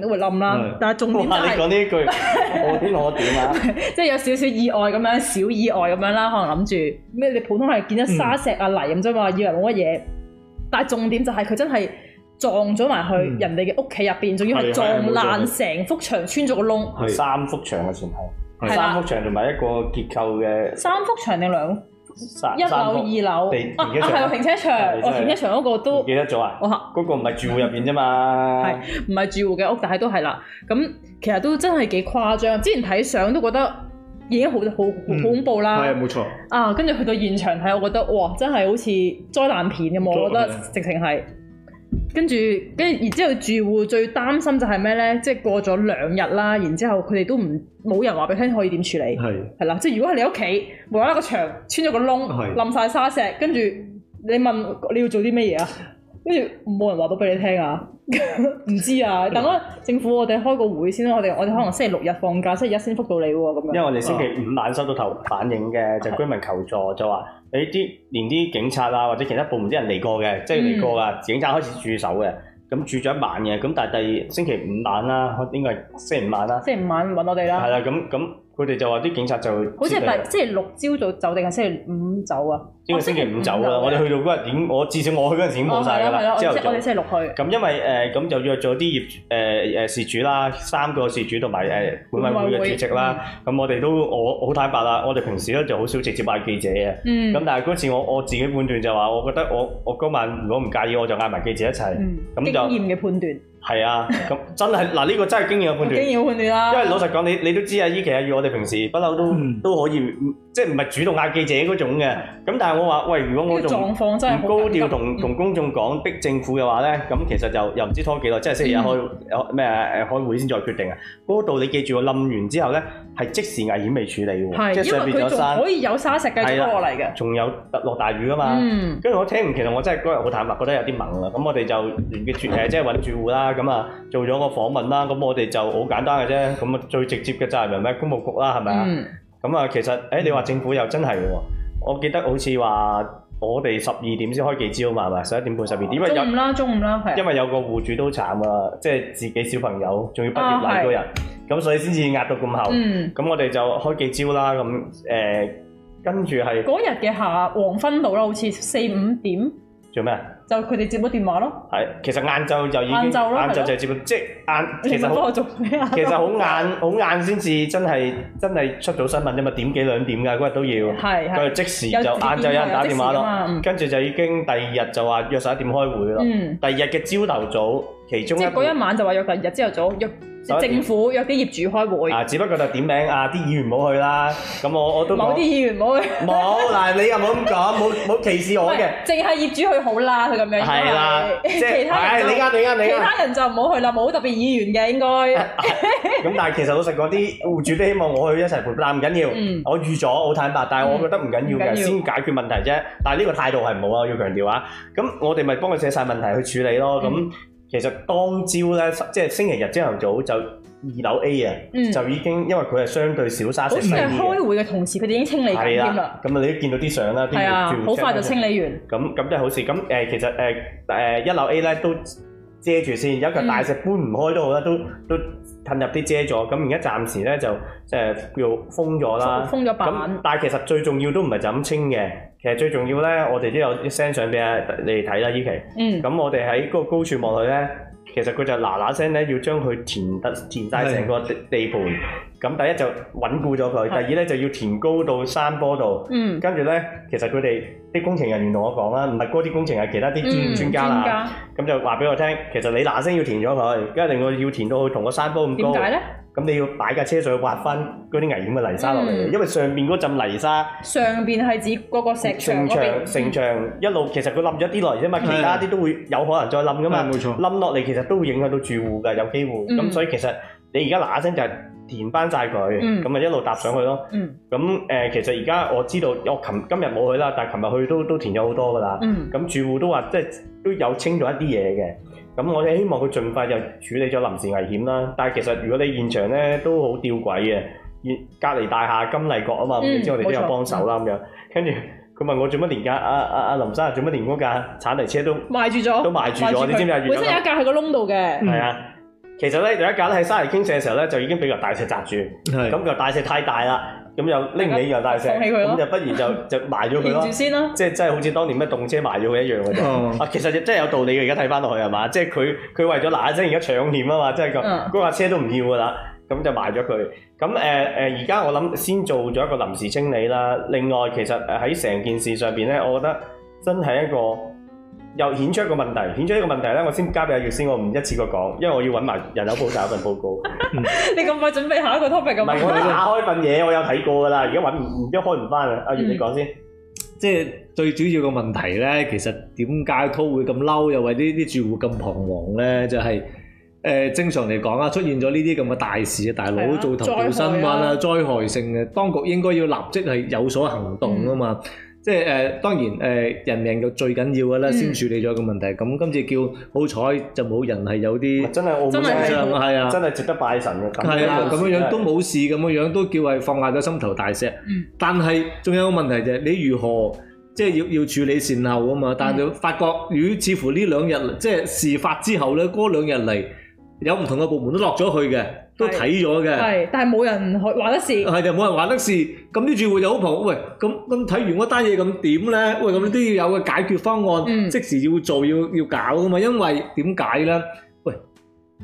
都會冧啦，但係重點係，就係，你講呢句， 我點我點啊？即係 有少少意外咁樣，小意外咁樣啦，可能諗住咩？你普通係見咗沙石啊、嗯、泥咁啫嘛，以為冇乜嘢。但係重點就係佢真係撞咗埋去人哋嘅屋企入邊，仲、嗯、要係撞爛成幅牆，穿咗個窿。嗯、三幅牆嘅前提，嗯、吧三幅牆同埋一個結構嘅。三幅牆定兩？一樓、二樓、地、啊啊啊、停車場、啊、停車場嗰個都記得咗啊！嗰個唔係住戶入邊啫嘛，係唔係住戶嘅屋，但係都係啦。咁其實都真係幾誇張。之前睇相都覺得已經好、好好恐怖啦。係、嗯、啊，冇錯。啊，跟住去到現場睇，我覺得哇，真係好似災難片咁啊！冇錯，我覺得直情係。跟住，跟住，然之後住戶最擔心就係咩呢？即係過咗兩日啦，然之後佢哋都唔冇人話俾佢聽可以點處理，係啦是。即係如果係你屋企冇啦啦個牆穿咗個窿，冧晒是沙石，跟住你問你要做啲咩嘢啊？ 跟住冇人話到俾你聽啊？唔 知啊，等陣政府我哋開個會先啦。我哋我哋可能星期六日放假，星期一先覆到你喎、啊。咁因為我哋星期五晚收到頭反映嘅，嗯、就居民求助就話：誒啲連啲警察啊或者其他部門啲人嚟過嘅，即係嚟過噶，警察開始駐守嘅，咁住咗一晚嘅，咁但係第二星期五晚啦，應該係星期五晚啦。星期五晚揾我哋啦。係啦，咁咁。佢哋就話啲警察就，好似係，但係即星期六朝早走定係星期五走啊？因為哦，星期五走啊！我哋去到嗰日已經，我至少我去嗰陣時已經冇晒㗎喇哦，係啦，我即我哋星期六去。咁因為誒咁就約咗啲業誒誒事主啦，三個事主同埋誒管委會嘅主席啦。咁我哋都我好坦白啦，我哋平時咧就好少直接嗌記者嘅。咁但係嗰次我我自己判斷就話，我覺得我我嗰晚如果唔介意，我就嗌埋記者一齊。咁就經驗嘅判斷。係 啊，咁真係嗱呢個真係經驗嘅判斷，經驗嘅判斷啦。因為老實講，你你都知啊，依期啊，與我哋平時不嬲都 都可以，即係唔係主動嗌記者嗰種嘅。咁但係我話喂，如果我仲唔高調同同公眾講，逼政府嘅話咧，咁其實就又唔知拖幾耐，即係星期日開咩誒、嗯、開會先再決定啊。嗰、那、度、個、你記住我冧完之後咧係即時危險未處理喎，是即係上邊有山，可以有沙石嘅拖落嚟嘅，仲有落大雨㗎嘛。跟住、嗯、我聽完，其實我真係嗰日好坦白，覺得有啲懵啦。咁我哋就聯結住誒， 即係揾住戶啦。咁啊，做咗個訪問啦，咁我哋就好簡單嘅啫。咁啊，最直接嘅責任係咩？公務局啦，係咪啊？咁啊、嗯，其實，誒、欸，你話政府又真係喎。我記得好似話，我哋十二點先開記招嘛，係咪？十一點半、十二點。中午啦，中午啦，係。因為有，因為有個戶主都慘啊，即係自己小朋友仲要畢業禮嗰日。咁、啊、所以先至壓到咁後。咁、嗯、我哋就開記招啦，咁誒，跟住係嗰日嘅下黃昏到啦，好似四五點做咩？就佢哋接咗電話咯。係，其實晏晝就已經晏晝就接，的即晏其實好，其實好晏好晏先至真係真係出咗新聞啫嘛，點幾兩點㗎，嗰日都要，佢是的 是即時就晏晝有人打電話咯，跟住就已經第二日就話約十一點開會咯，第二、嗯、日嘅朝頭早。其中即係嗰一晚就話約隔日朝頭早約政府約啲業主開會。啊，只不過就點名啊啲議員唔好去啦。咁我我都某啲議員唔好去。冇嗱，你又冇咁講，冇冇歧視我嘅。淨係業主去好啦，佢咁樣。係啦。即係。係你啱，你啱，你啱。其他人就唔好去啦，冇特別議員嘅應該。咁但係其實老實講，啲戶主都希望我去一齊陪，但係唔緊要，我預咗好坦白，但係我覺得唔緊要嘅，先解決問題啫。但係呢個態度係唔好啊，要強調啊。咁我哋咪幫佢寫曬問題去處理咯。咁其實當朝咧，即係星期日朝頭早就二樓 A 啊，嗯、就已經因為佢係相對小沙石，好似係開會嘅同時，佢哋已經清理緊啦。咁啊，你都見到啲相啦。係啊，好快就清理完。咁咁真係好事。咁誒、呃，其實誒誒、呃呃、一樓 A 咧都遮住先，有一個大石搬唔開好都好、呃、啦，都都褪入啲遮咗。咁而家暫時咧就即係叫封咗啦。封咗板。咁但係其實最重要都唔係就咁清嘅。其實最重要咧，我哋都有啲相 send 上俾啊，你哋睇啦依期。嗯。咁我哋喺嗰個高處望佢咧，其實佢就嗱嗱聲咧，要將佢填得填曬成個地地盤。咁是的 第一就穩固咗佢，第二咧是的 就要填高到山坡度。嗯。跟住咧，其實佢哋啲工程人員同我講啦，唔係嗰啲工程，係其他啲專專家啦、嗯。專家。咁就話俾我聽，其實你嗱聲要填咗佢，跟住我要填到同個山坡咁高。咁你要擺架車上去挖翻嗰啲危險嘅泥沙落嚟，因為上面嗰陣泥沙，上邊係指嗰個石牆嗰邊。城牆，城牆一路其實佢冧咗啲落嚟啫嘛，其他啲都會有可能再冧噶嘛。冇錯。冧落嚟其實都會影響到住戶噶，有機會。嗯。咁所以其實你而家嗱一聲就係填翻晒佢，咁啊一路搭上去咯。嗯。咁誒，其實而家我知道，我琴今日冇去啦，但係琴日去都都填咗好多噶啦。嗯。咁住戶都話，即係都有清咗一啲嘢嘅。咁我哋希望佢盡快就處理咗臨時危險啦。但係其實如果你現場咧都好吊詭嘅，隔離大廈金麗閣啊嘛，咁、mm, 你知我哋都有幫手啦咁樣。跟住佢問我做乜連架阿阿阿林生啊，做、啊、乜連嗰架鏟泥車都賣住咗，都賣住咗，你知唔知啊？本身有一架喺個窿度嘅，係、嗯、啊，其實咧有一架喺沙泥傾瀉嘅時候咧，就已經俾嚿大石砸住，咁嚿、mm. 大石太大啦。咁又拎唔起又大石，咁就不如就就埋咗佢咯。先啦，即係即係好似當年咩動車埋咗佢一樣嘅啫。啊，其實真係有道理嘅，而家睇翻落去係、就是、嘛，即係佢佢為咗嗱一聲而家搶險啊嘛，即係個嗰架車都唔要㗎啦，咁就埋咗佢。咁誒誒，而、呃、家、呃、我諗先做咗一個臨時清理啦。另外，其實喺成件事上邊咧，我覺得真係一個。又顯出一個問題，顯出一個問題咧，我先交俾阿月先，我唔一次過講，因為我要揾埋人口普查一份報告。你咁快準備下一個 topic 咁快？唔係，我下開份嘢，我有睇過噶啦，而家揾唔唔開唔翻啦。阿月你講先，即係最主要個問題咧，其實點解佢會咁嬲，又為呢啲住戶咁彷徨咧？就係誒正常嚟講啊，出現咗呢啲咁嘅大事，大佬做頭條新聞啦，災害性嘅，當局應該要立即係有所行動啊嘛。即係誒、呃，當然誒、呃，人命就最緊要㗎啦，嗯、先處理咗個問題。咁今次叫好彩、嗯、就冇人係有啲，真係澳門網真係係值得拜神嘅咁、啊、樣樣都，都冇事咁樣樣，都叫係放下咗心頭大石。嗯、但係仲有個問題就係你如何即係要要處理善後啊嘛？但係你發覺如、嗯、似乎呢兩日即係事發之後咧，嗰、那個、兩日嚟有唔同嘅部門都落咗去嘅。都睇咗嘅，係，但係冇人去話得事，係就冇人話得事，咁啲住戶又好嘈，喂，咁睇完嗰單嘢咁點呢？喂，咁都要有個解決方案，嗯、即時要做要要搞㗎嘛，因為點解呢？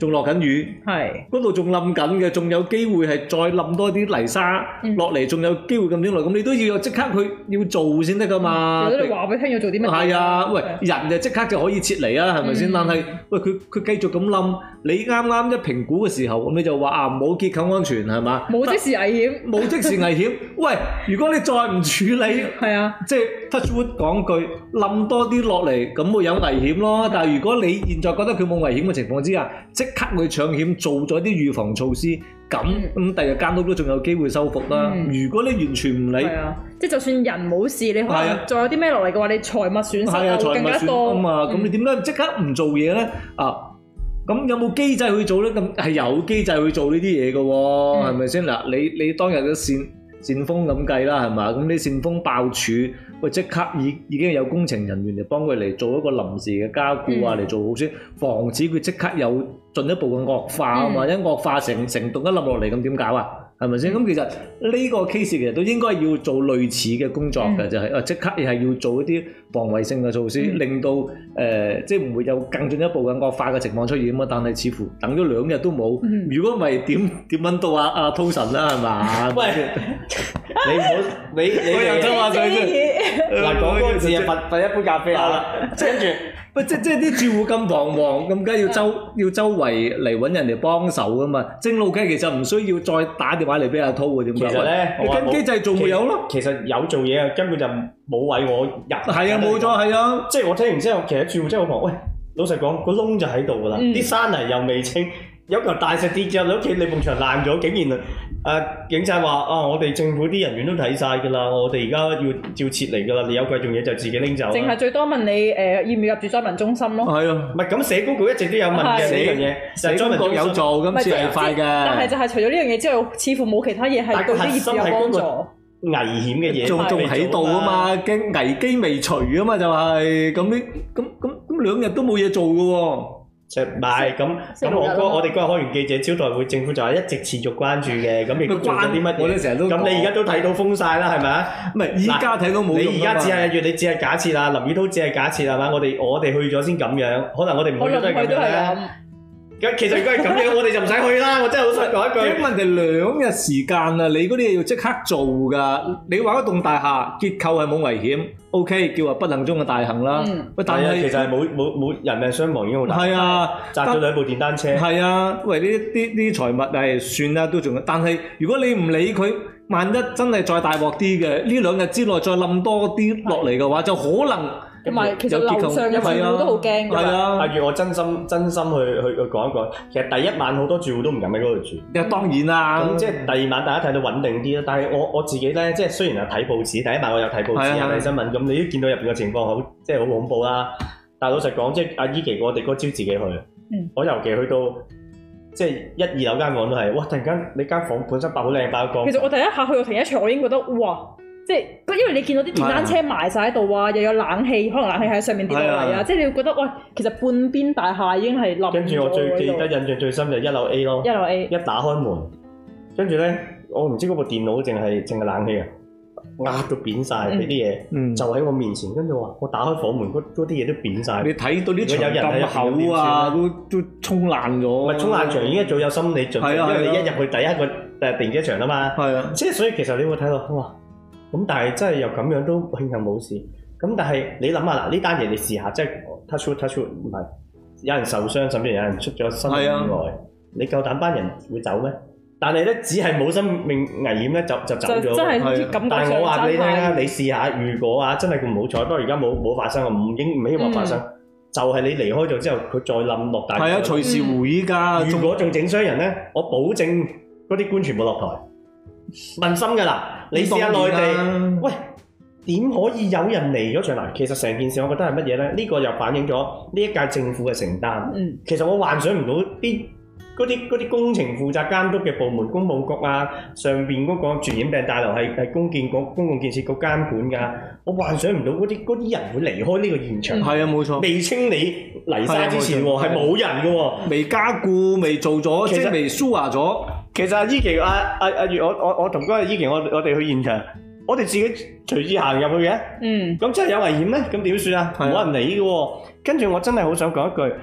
仲落緊雨，係嗰度仲冧緊嘅，仲有機會係再冧多啲泥沙落嚟，仲有機會咁樣落，咁你都要即刻去要做先得㗎嘛？如果你話俾聽要做啲咩？係啊，喂，人就即刻就可以撤離啊，係咪先？但係喂，佢佢繼續咁冧，你啱啱一評估嘅時候，咁你就話啊，唔好結構安全係嘛？冇即時危險，冇即時危險。喂，如果你再唔處理，係啊，即係 Touchwood 講句，冧多啲落嚟，咁會有危險咯。但係如果你現在覺得佢冇危險嘅情況之下，即即刻去搶險，做咗啲預防措施，咁咁第日間屋都仲有機會修復啦。如果你完全唔理，即係就算人冇事，你可能仲有啲咩落嚟嘅話，你財物損失又更加多啊！咁你點解即刻唔做嘢咧？啊，咁有冇機制去做咧？咁係有機制去做呢啲嘢嘅，係咪先？嗱，你你當日嘅扇扇風咁計啦，係嘛？咁你扇風爆柱，喂，即刻已已經有工程人員嚟幫佢嚟做一個臨時嘅加固啊，嚟做好先，防止佢即刻有進一步嘅惡化，或者惡化成成棟一冧落嚟咁點搞啊？係咪先？咁其實呢個 case 其實都應該要做類似嘅工作嘅，就係啊即刻而係要做一啲防衞性嘅措施，令到誒即係唔會有更進一步嘅惡化嘅情況出現啊！但係似乎等咗兩日都冇，如果唔係點點揾到阿阿湯臣啦係嘛？喂，你唔好你你又先。嗱，講多次啊，罰罰一杯咖啡啊，跟住。不即即啲住戶咁彷徨，咁，梗係要周要周圍嚟，揾人哋幫手噶嘛？正路嘅其實唔需要再打電話嚟俾阿濤嘅。點解？其實咧，跟機制做有咯其。其實有做嘢啊，根本就冇位我入。係啊，冇錯，係啊。即係我聽完之後，其實住戶真係好彷徨。喂，老實講，個窿就喺度噶啦，啲、嗯、山泥又未清。有嚿大石跌入你屋企，你埲牆爛咗，竟然啊！警察話：啊，我哋政府啲人員都睇晒㗎啦，我哋而家要照撤離㗎啦，你有貴重嘢就自己拎走。淨係最多問你誒，要唔要入住災民中心咯？係啊，唔係咁社工局一直都有問嘅呢樣嘢，社工有做咁先係快嘅。但係就係除咗呢樣嘢之後，似乎冇其他嘢係對啲業主有幫助。危險嘅嘢做仲喺度啊嘛，嘅危機未除啊嘛，就係咁啲咁咁咁兩日都冇嘢做嘅喎。唔係咁，咁我我哋今日開完記者招待會，政府就係一直持續關注嘅，咁亦都做咗啲乜嘢？咁你而家都睇到封晒啦，係咪啊？唔係，依家睇到冇用，你而家只係住，你只係假設啊，林宇滔只係假設係嘛？我哋我哋去咗先咁樣，可能我哋唔去都係咁樣。其實如果係咁樣，我哋就唔使去啦。我真係好想講一句，因為人哋兩日時間啦，你嗰啲嘢要即刻做㗎。你玩一棟大廈結構係冇危險，OK，叫話不幸中嘅大幸啦。嗯、但係是其實係冇人命傷亡已經好大，大。係啊，砸咗兩部電單車。係啊，喂，啲啲財物係、哎、算啦，都仲。但係如果你唔理佢，萬一真係再大鑊啲嘅，呢兩日之內再冧多啲落嚟嘅話，就可能。唔係，其實樓上嘅住戶都好驚㗎。係咯、啊，例如我真心真心去去去講一講，其實第一晚好多住戶都唔敢喺嗰度住。啊、嗯，當然啦。咁即係第二晚大家睇到穩定啲啦。但係我我自己咧，即係雖然係睇報紙，第一晚我有睇報紙睇新聞，咁、啊啊、你都見到入邊嘅情況好即係好恐怖啦、啊。但係老實講，即係阿姨期我哋嗰朝自己去，嗯、我尤其去到即係一二樓間房都係，哇！突然間你間房本身白好靚白一個。其實我第一下去到停一場，我已經覺得哇～即係，因為你見到啲電單車埋晒喺度啊，又對了 有冷氣，可能冷氣喺上面跌落嚟啊，對了 即係你會覺得，喂，其實半邊大廈已經係冧咗。跟住我最記得印象最深就一樓 A 咯，一樓 A 一打開門，跟住咧，我唔知嗰部電腦淨係淨係冷氣啊，壓到扁晒曬啲嘢，嗯、就喺我面前，跟住話我打開房門，嗰啲嘢都扁晒。你睇到啲牆咁厚啊，都都衝爛咗。咪衝爛牆已經早有心理準備，對了 因為你一入去第一個誒停車場啊嘛。係啊，即係所以其實你會睇到哇～咁但係真係又咁樣都慶幸冇事。咁但係你諗下啦，呢單嘢你試下，即係 touch wood touch wood，唔係有人受傷，甚至有人出咗生命意外，你夠膽班人會走咩？但係咧，只係冇生命危險咧，就就走咗。真係啲但係我話你咧，你試下，如果啊真係咁唔好彩，不過而家冇冇發生，唔應唔希望發生。就係你離開咗之後，佢再冧落。係啊，隨時會㗎。如果仲整傷人咧，我保證嗰啲官全部落台，問心㗎啦。你試下內地，啊、喂，點可以有人嚟咗上嚟？其實成件事我覺得係乜嘢咧？呢、呢個又反映咗呢一屆政府嘅承擔。嗯、其實我幻想唔到啲啲啲工程負責監督嘅部門，工務局啊，上邊嗰個傳染病大樓係係公建局、公共建設局監管㗎。我幻想唔到嗰啲啲人會離開呢個現場。係啊、嗯，冇錯。未清理泥沙、嗯、之前喎，係冇人㗎喎、啊。未加固，未做咗，即係未修華咗。其實阿依琪阿阿阿月，我我我同嗰個依琪，我我哋去現場，我哋自己隨意行入去嘅。嗯。咁真係有危險咧，咁點算啊？冇人理嘅。跟住我真係好想講一句，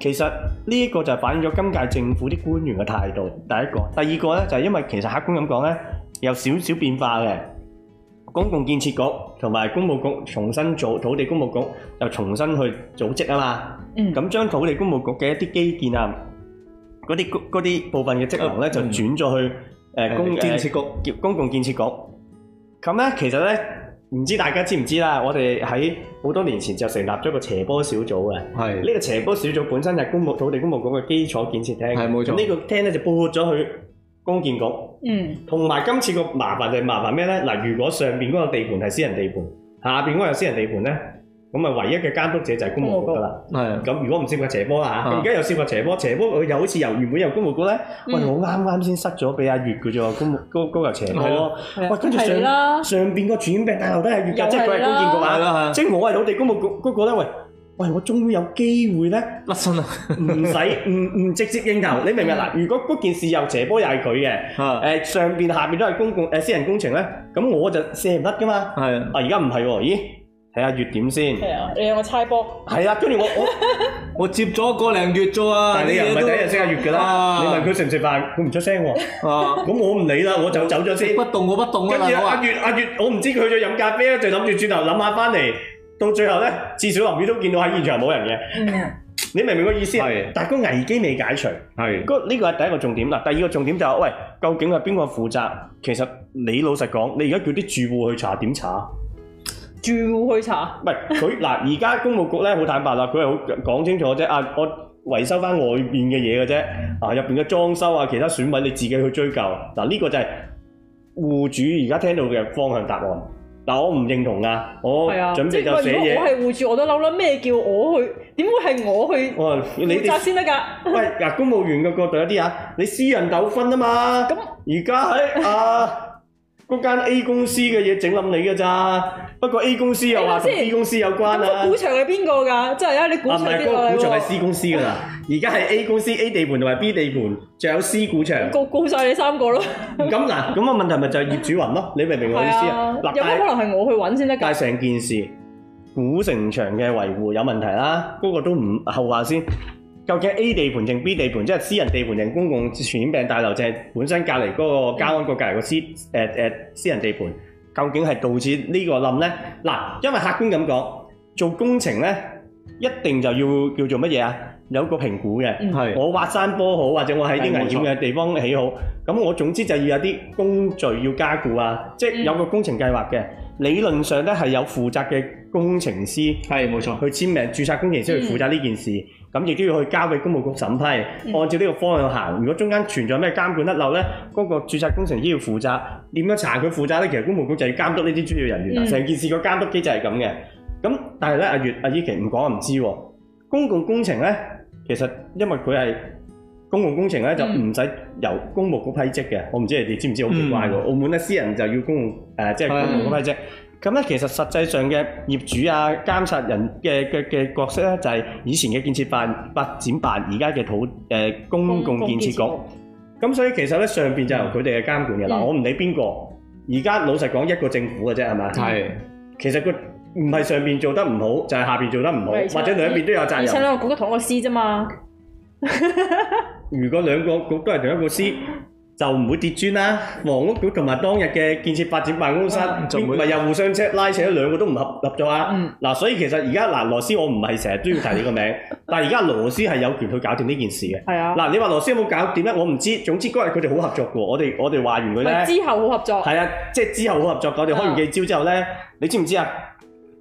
其實呢一個就反映咗今屆政府啲官員嘅態度。第一個，第二個咧就係因為其實客觀咁講咧，有少少變化嘅。公共建設局同埋公務局重新組土地公務局，又重新去組織啊嘛。嗯。咁將土地公務局嘅一啲基建啊。嗰啲啲部分嘅職能咧就轉咗去誒、嗯呃、公建設局叫、呃、公共建設局。咁咧其實咧，唔知大家知唔知啦？我哋喺好多年前就成立咗個斜坡小組嘅。係是。呢個斜坡小組本身就係公務土地公務局嘅基礎建設廳。係冇錯。咁呢個廳咧就撥咗去公建局。嗯。同埋今次個麻煩就係麻煩咩咧？嗱，如果上邊嗰個地盤係私人地盤，下邊嗰個係私人地盤咧。咁啊，唯一嘅監督者就係公務局㗎喇。係。咁如果唔涉及斜坡啦嚇，而家又涉及斜坡，斜坡佢又好似由原本由公務局咧，喂，我啱啱先失咗佢啊月嘅啫，公公公又斜坡咯。喂，跟住上上邊個傳染病大樓都係月日，即係佢係公建嘅話，即係我係土地公務局嗰個咧，喂，喂，我終於有機會咧甩身啦，唔使唔唔直接應酬，你明唔明嗱？如果嗰件事又斜坡又係佢嘅，誒上邊下邊都係公共誒私人工程咧，咁我就卸唔甩㗎嘛。係。啊，而家唔係喎，咦？睇下月點先，你有冇猜波，係啦，跟住我我接咗個零月咋嘛，但係你又唔係第一日識阿月噶啦，你問佢食唔食飯，佢唔出聲喎，咁我唔理啦，我就走咗先，你「不動我不動」，跟住阿月阿月，我唔知佢去咗飲咖啡，就諗住轉頭諗下翻嚟，到最後咧，至少林宇都見到喺現場冇人嘅，你明唔明個意思？係，但係個危機未解除，係，呢個係第一個重點啦，第二個重點就係喂，究竟係邊個負責？其實你老實講，你而家叫啲住戶去查，點查？住戶去查？唔係佢嗱，而家公務局咧好坦白啦，佢係好講清楚啫。啊，我維修翻外邊嘅嘢嘅啫。啊，入邊嘅裝修啊，其他損毀你自己去追究。嗱，呢個就係戶主而家聽到嘅方向答案。嗱，我唔認同啊，我準備就寫嘢。啊、我係戶主，我都嬲啦。咩叫我去？點會係我去責 你責先得㗎？喂，嗱，公務員嘅角度一啲啊，你私人糾紛啊嘛。咁而家喺啊。 嗰間 A 公司嘅嘢整冧你㗎咋，不過 A 公司又話同 B 公司有關啊。咁、欸啊、股場係邊個噶？即係咧，你估場啲內容。唔係，嗰股場係、啊，那個、C 公司噶啦，而家係 A 公司 A 地盤同埋 B 地盤，仲有 C 股場。告告晒你三個咯。咁 嗱、咁、那個問題咪就係業主云咯？你明唔明我意思啊？有乜可能係我去搵先得噶？帶成件事，古城牆嘅維護有問題啦。嗰、那個都唔後話先。究竟 A 地盤定 B 地盤，即係、就是嗯、私人地盤定公共傳染病大樓，即係本身隔籬嗰個加思欄隔籬個私誒誒私人地盤，究竟係導致個呢個冧咧？嗱，因為客觀咁講，做工程咧一定就要叫做乜嘢啊？有一個評估嘅，係、嗯、我挖山坡好，或者我喺啲危險嘅地方起好，咁錯我總之就要有啲工序要加固啊，即係有個工程計劃嘅。嗯、理論上咧係有負責嘅工程師，係冇錯，去簽名、嗯、注冊工程師去負責呢件事。嗯嗯咁亦都要去交俾公務局審批，按照呢個方向行。如果中間存在咩監管甩漏呢，嗰、那個註冊工程師都要負責。點樣查佢負責呢？其實公務局就要監督呢啲專業人員啦。成、嗯、件事個監督機制係咁嘅。咁但係呢，月阿月阿依琪唔講唔知喎。公共工程呢，其實因為佢係公共工程呢，嗯、就唔使由公務局批職嘅。我唔知你哋知唔知好奇怪喎？嗯、澳門呢，私人就要公務誒，即、呃、係、就是、公務局批職。嗯咁咧，其實實際上嘅業主啊、監察人嘅嘅嘅角色咧，就係、是、以前嘅建設辦、發展辦，而家嘅土誒、呃、公共建設局。咁所以其實咧，上邊就係由佢哋嘅監管嘅嗱，嗯、我唔理邊個。而家老實講，一個政府嘅啫，係咪？係、嗯。其實佢唔係上邊做得唔好，就係、是、下邊做得唔好，嗯、或者兩邊都有責任。而且咧，我覺得同一個司啫嘛。如果兩個局都係同一個司。 就唔會跌磚啦，房屋局同埋當日嘅建設發展辦公室，唔會咪又互相拉扯，兩個都唔合合作啊。嗱，所以其實而家嗱羅斯，我唔係成日都要提你個名，但係而家羅斯係有權去搞掂呢件事嘅。係啊。嗱，你話羅斯有冇搞掂咧？我唔知，總之嗰日佢哋好合作嘅喎。我哋我哋話完佢咧，之後好合作。係啊，即係之後好合作。我哋開完記招之後咧，你知唔知啊？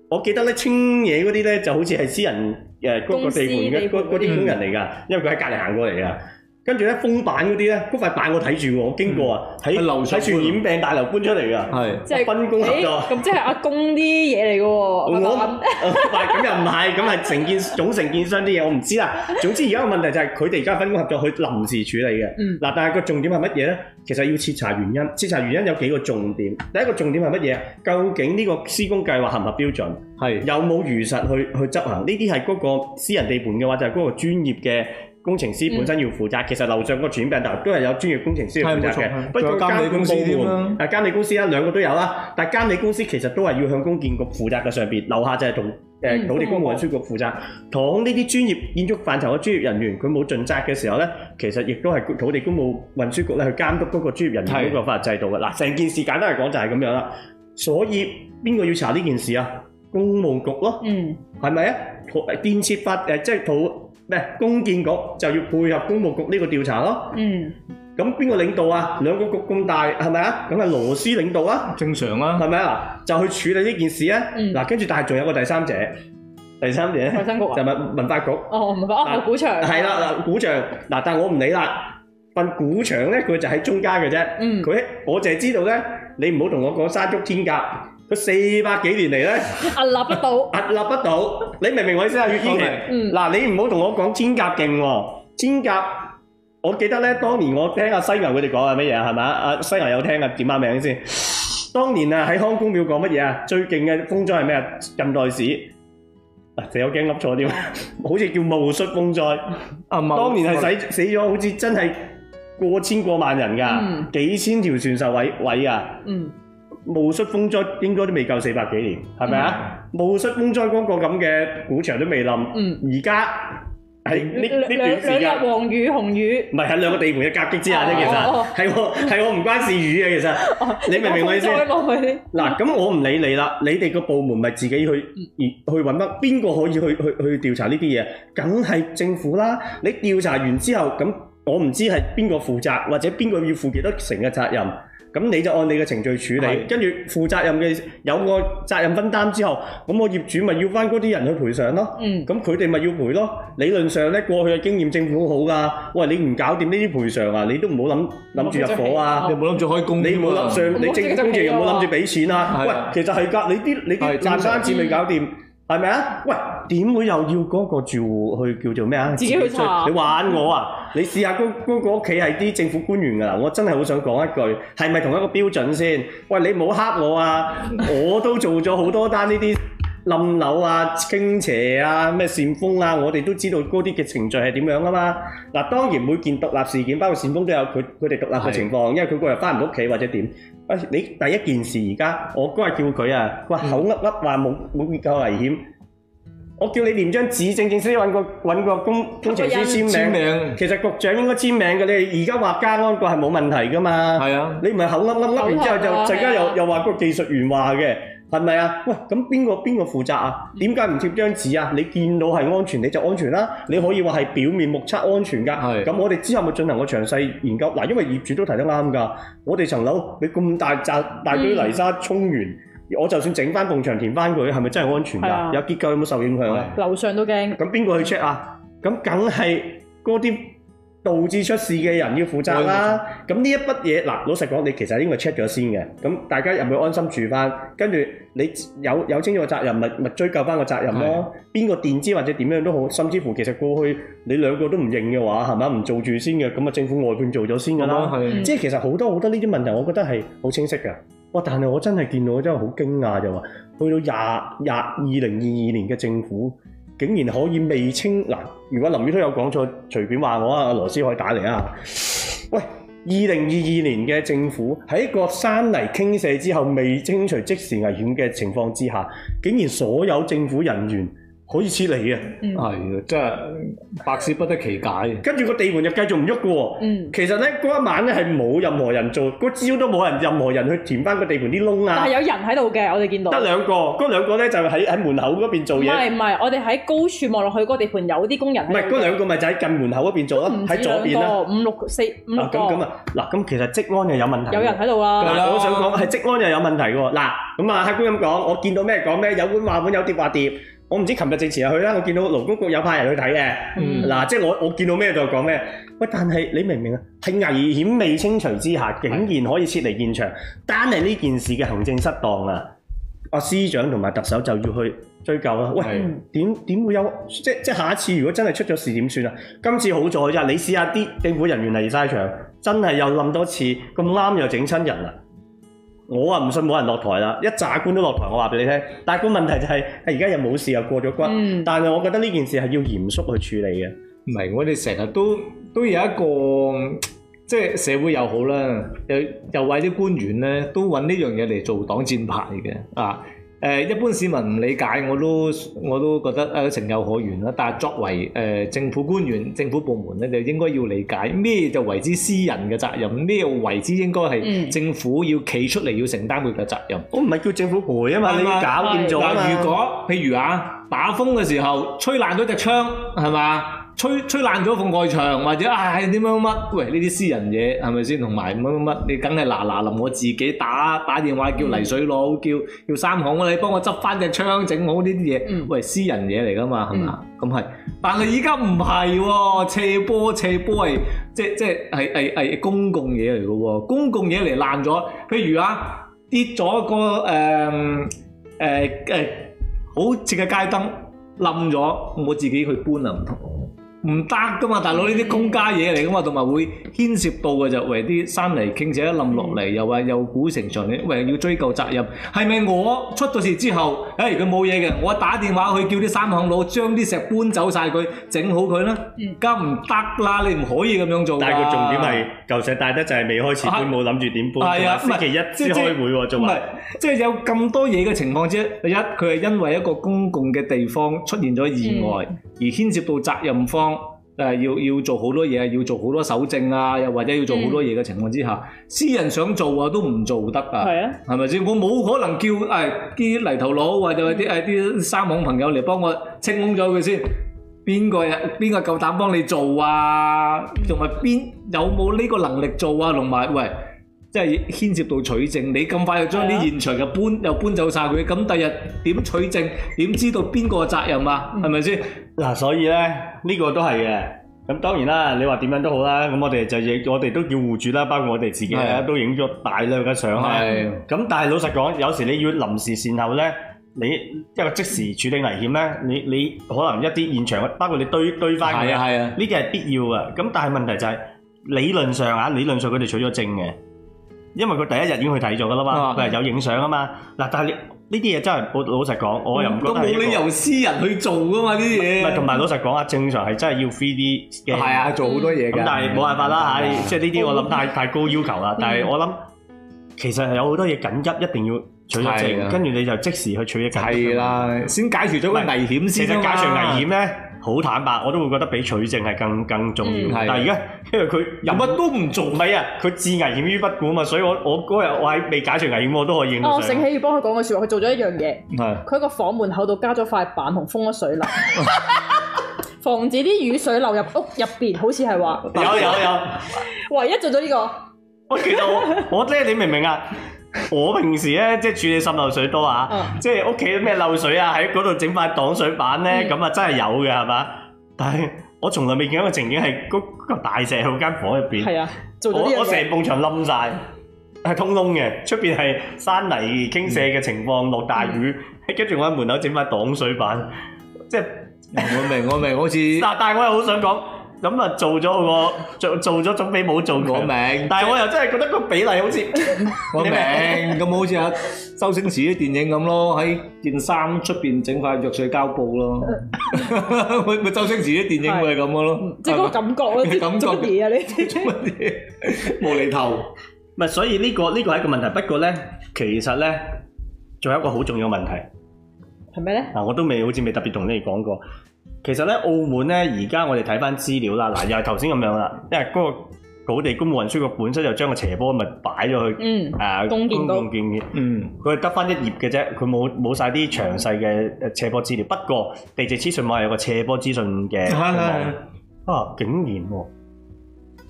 我記得咧清嘢嗰啲咧，就好似係私人誒嗰個地盤嘅嗰嗰啲工人嚟㗎，因為佢喺隔離行過嚟㗎。跟住封板嗰啲咧，嗰塊板我睇住喎，我經過啊，睇睇傳染病大樓搬出嚟㗎，即係、嗯、是分工合作，咁即係阿公啲嘢嚟嘅喎。唔好 我，唔係咁又唔係，咁係承建總承建商啲嘢，我唔知啦。總之而家個問題就係佢哋而家分工合作，去臨時處理嘅。嗱、嗯，但係個重點係乜嘢呢？其實要徹查原因，徹查原因有幾個重點。第一個重點係乜嘢？究竟呢個施工計劃合唔合標準？係是有冇如實去去執行？呢啲係嗰個私人地盤嘅話，就係、是、嗰個專業嘅。工程師本身要負責，其實樓上嗰個傳染病頭都係有專業工程師要負責嘅。不過錯監理公司點咧？啊、監理公司咧，兩個都有啦。但係監理公司其實都係要向公建局負責嘅，上邊，樓下就係同誒土地公務運輸局負責。當呢啲專業建築範疇嘅專業人員佢冇盡責嘅時候咧，其實亦都係土地公務運輸局咧去監督嗰個專業人員嗰個法律制度嘅。嗱、嗯，成件事簡單嚟講就係咁樣啦。所以邊個要查呢件事啊？公務局咯，嗯，係咪啊？土建設法誒，即係土。咩？公建局就要配合工務局呢個調查咯。嗯。咁邊個領導啊？兩個局咁大係咪啊？梗係羅司領導啊。正常啊，係咪啊？嗱，就去處理呢件事啊。嗱、嗯，跟住但係仲有個第三者，第三者。文化局啊。就係文化局。哦，文化啊，古牆場。係啦、啊，古牆。嗱、啊，但係我唔理啦。份古牆咧，佢就喺中間嘅啫。嗯。佢，我淨係知道咧，你唔好同我講山竹天鴿。佢四百幾年嚟咧，屹立不倒，屹立不倒。你明唔明我意思啊？月英明，嗱，你唔好同我講千甲勁喎，千甲。我記得咧，當年我聽阿西牛佢哋講係乜嘢啊？係咪？阿西牛有聽啊？點下名先。當年啊，喺康公廟講乜嘢啊？最勁嘅風災係咩啊？近代史。啊，借我驚噏錯啲，好似叫霧戌風災。啊，霧。當年係死死咗，好似真係過千過萬人噶，幾千條船受毀毀啊。嗯。戊戌風災應該都未夠四百幾年，係咪啊？戊戌、嗯、風災嗰個咁嘅古牆都未冧，而家係呢呢兩段時間兩黃雨紅雨，唔係喺兩個地盤嘅夾擊之下啫、哦。其實係我係我唔關事雨嘅，其實、哦、你明唔明我意思？嗱，咁我唔理你啦，你哋個部門咪自己去去揾乜？邊個可以去去去調查呢啲嘢？梗係政府啦。你調查完之後，咁我唔知係邊個負責，或者邊個要負幾多成嘅責任？咁你就按你嘅程序處理，跟住負責任嘅有個責任分擔之後，咁我業主咪要翻嗰啲人去賠償咯。嗯，咁佢哋咪要賠咯。理論上咧，過去嘅經驗政府好㗎。喂，你唔搞掂呢啲賠償啊，你都唔好諗諗住入伙啊。你唔好諗住開工，你唔好諗住你政供業又唔好諗住俾錢啊。喂，其實係㗎，你啲你啲賺翻錢未搞掂。係咪啊？喂，點會又要嗰個住戶去叫做咩啊？自己去查，你玩我啊？ 你試下嗰嗰個屋企係啲政府官員噶啦，我真係好想講一句，係咪同一個標準先？喂，你唔好黑我啊！ 我都做咗好多單呢啲。冧樓啊、傾斜啊、咩颱風啊，我哋都知道嗰啲嘅程序係點樣㗎嘛。嗱，當然每件獨立事件，包括颱風都有佢佢哋獨立嘅情況，因為佢嗰日返唔到屋企或者點。啊，你第一件事而家，我剛才叫佢啊，佢話口噏噏話冇冇夠危險，我叫你連張紙正正式式揾個揾個工工程師簽名。簽名。其實局長應該簽名嘅，你而家話加安個係冇問題噶嘛。係啊。你唔係口噏噏噏完之後就陣間又又話個技術員話嘅。係咪啊？喂，咁邊個邊個負責啊？點解唔貼張紙啊？你見到係安全你就安全啦，你可以話係表面目測安全㗎。咁我哋之後有冇進行個詳細研究？嗱，因為業主都提得啱㗎，我哋層樓你咁大紮大堆泥沙沖完，我就算整翻牆填翻佢，係咪真係安全㗎？有結構有冇受影響啊？樓上都驚。咁邊個去 check 啊？咁梗係嗰啲。導致出事嘅人要負責啦。咁呢、嗯、一筆嘢，嗱老實講，你其實應該 check 咗先嘅。咁大家入去安心住翻，跟住你有有清楚責任，咪咪追究翻個責任咯。邊個墊資或者點樣都好，甚至乎其實過去你兩個都唔認嘅話，係咪唔做住先嘅。咁啊，政府外判做咗先㗎啦。即係其實好多好多呢啲問題，我覺得係好清晰㗎。哇、哦！但係我真係見到我真係好驚訝就話、是，去到廿廿二零二二年嘅政府。竟然可以未清、啊、如果林宇都有講錯，隨便話我啊，羅思海打嚟啊，喂，二零二二年嘅政府喺個山泥傾瀉之後未清除即時危險嘅情況之下，竟然所有政府人員。好似你啊，係啊，真係百思不得其解。跟住個地盤又繼續唔喐嘅喎。其實咧嗰一晚咧係冇任何人做，個朝都冇人，任何人去填翻個地盤啲窿啊。但係有人喺度嘅，我哋見到。得兩個，嗰兩個咧就喺喺門口嗰邊做嘢。唔係，唔係，我哋喺高處望落去嗰個地盤有啲工人。唔係，嗰兩個咪就喺近門口嗰邊做啦，喺左邊啦。五六四五個。嗱咁咁啊，嗱咁其實職安又有問題。有人喺度啊。嗱，我想講係職安又有問題喎。嗱，咁啊，客觀咁講，我見到咩講咩，有碗話碗，有碟話碟。我唔知琴日正前日入去啦，我見到勞工局有派人去睇嘅。嗱、嗯啊，即係我我見到咩就講咩。喂，但係你明唔明啊？係危險未清除之下，竟然可以撤離現場，是的 單係呢件事嘅行政失當啊！阿司長同埋特首就要去追究啦。喂，點點會有？即即下一次如果真係出咗事點算啊？今次好在咋，你試下啲政府人員嚟曬場，真係又冧多次，咁啱又整親人啦。我話唔信冇人落台啦，一紮官都落台，我話俾你聽。但個問題就係、是，而家又冇事又過咗關，嗯、但係我覺得呢件事係要嚴肅去處理嘅。唔係、嗯，我哋成日都都有一個，即係社會又好啦，又又為啲官員咧都揾呢樣嘢嚟做擋箭牌嘅啊。一般市民唔理解，我都我都覺得情有可原。但作為、呃、政府官員、政府部門咧，就應該要理解咩就為之私人嘅責任，咩為之應該係政府要企出嚟要承擔佢嘅責任。嗯、我唔係叫政府賠啊嘛，嘛你要搞掂咗嘛。嘛但如果譬如啊，打風嘅時候吹爛咗隻窗，係嘛？吹吹爛咗個外牆，或者啊，點乜乜？喂，呢啲私人嘢係咪先？同埋乜乜乜，你梗係嗱嗱臨我自己打打電話叫泥水佬，叫三行啦，你幫我執翻隻窗，整好呢啲嘢。嗯、喂，私人嘢嚟㗎嘛，係咪？咁係，嗯、但係依家唔係喎，斜坡斜坡係即即係係係公共嘢嚟嘅喎，公共嘢嚟爛咗，譬如啊跌咗個誒誒誒好似嘅街燈冧咗，我自己去搬啊唔同。唔得噶嘛，大佬呢啲公家嘢嚟噶嘛，同埋會牽涉到嘅就為啲山泥傾瀉一冧落嚟，又話又古城牆你，為要追究責任，係咪我出咗事之後，誒佢冇嘢嘅，我打電話去叫啲三行佬將啲石搬走曬佢，整好佢咧？而家唔得啦，你唔可以咁樣做噶。但係個重點係舊石大得就係未開始搬，冇諗住點搬，星期一先開會喎，仲埋即係有咁多嘢嘅情況之一，第一佢係因為一個公共嘅地方出現咗意外，而牽涉到責任方。要做好多嘢，要做好多手證啊，又或者要做好多嘢嘅情況之下，嗯、私人想做啊都唔做得啊，係咪先？我冇可能叫啲、哎、泥頭佬或者啲生網朋友嚟幫我清空咗佢先，邊個呀？邊個夠膽幫你做啊？同埋邊有冇呢個能力做啊？同埋喂。即係牽涉到取證，你咁快就將啲現場又搬、啊、又搬走晒佢，咁第日點取證？點知道邊個責任啊？係咪先嗱？所以咧呢、呢個都係嘅。咁當然啦，你話點樣都好啦。咁我哋就亦我哋都叫戶主啦，包括我哋自己、啊、都影咗大量嘅相啦。咁、啊、但係老實講，有時你要臨時善後咧，你因為即時處理危險咧，你你可能一啲現場，包括你堆堆返佢，呢啲係必要嘅。咁但係問題就係理論上啊，理論上佢哋取咗證嘅。因為佢第一日已經去睇咗噶啦嘛，佢係、啊、有影相啊嘛。嗱，但係呢啲嘢真係，我老實講，我又唔覺得冇理由私人去做噶嘛呢啲嘢。同埋老實講啊，正常係真係要 3D 嘅，係啊，做好多嘢。咁但係冇辦法啦吓，即係呢啲我諗太太高要求啦。嗯、但係我諗其實有好多嘢緊急一定要取一證，嗯、跟住你就即時去取一證。係啦了，了先解除咗個危險先。其實解除危險咧。好坦白，我都會覺得比取證係更更重要。但係而家因為佢有乜都唔做咪啊！佢置危險於不顧啊嘛，所以我我嗰日我喺未解除危險，我都可以認。哦，醒起要幫佢講個説話，佢做咗一樣嘢。係佢喺個房門口度加咗塊板同封咗水淋，防止啲雨水流入屋入邊，好似係話。有有有，唯一做咗呢個。我其實我我咧，你明唔明啊？我平時咧即係處理滲漏水多啊，即係屋企咩漏水啊，喺嗰度整塊擋水板咧，咁啊真係有嘅係嘛？但係我從來未見過一個情景係嗰個大石喺間房入邊，係啊，做嗰啲嘢，我石縫牆冧晒，係通窿嘅，出邊係山泥傾瀉嘅情況，落大雨，跟住我喺門口整塊擋水板，即係我明我明，好似嗱，但係我又好想講。咁啊，做咗個做做咗總比冇做講名。但係我又真係覺得個比例好似我明咁，好似阿周星馳啲電影咁咯，喺件衫出邊整塊藥水膠布咯，咪咪 周星馳啲電影咪係咁嘅咯，即係嗰個感覺咯，啲感覺嘢啊，覺你做乜嘢無厘頭咪， 所以呢、這個呢、這個係一個問題。不過咧，其實咧，仲有一個好重要問題係咩咧？嗱嗎，我都未好似未特別同你哋講過。其實咧，澳門咧，而家我哋睇翻資料啦，嗱，又係頭先咁樣啦，因為嗰個土地工務運輸局本身就將個斜坡咪擺咗去，嗯，誒，公共建設，嗯，佢係得翻一頁嘅啫，佢冇冇晒啲詳細嘅斜坡資料。不過地籍資訊網係有個斜坡資訊嘅，吓吓啊，啊，竟然喎！啊！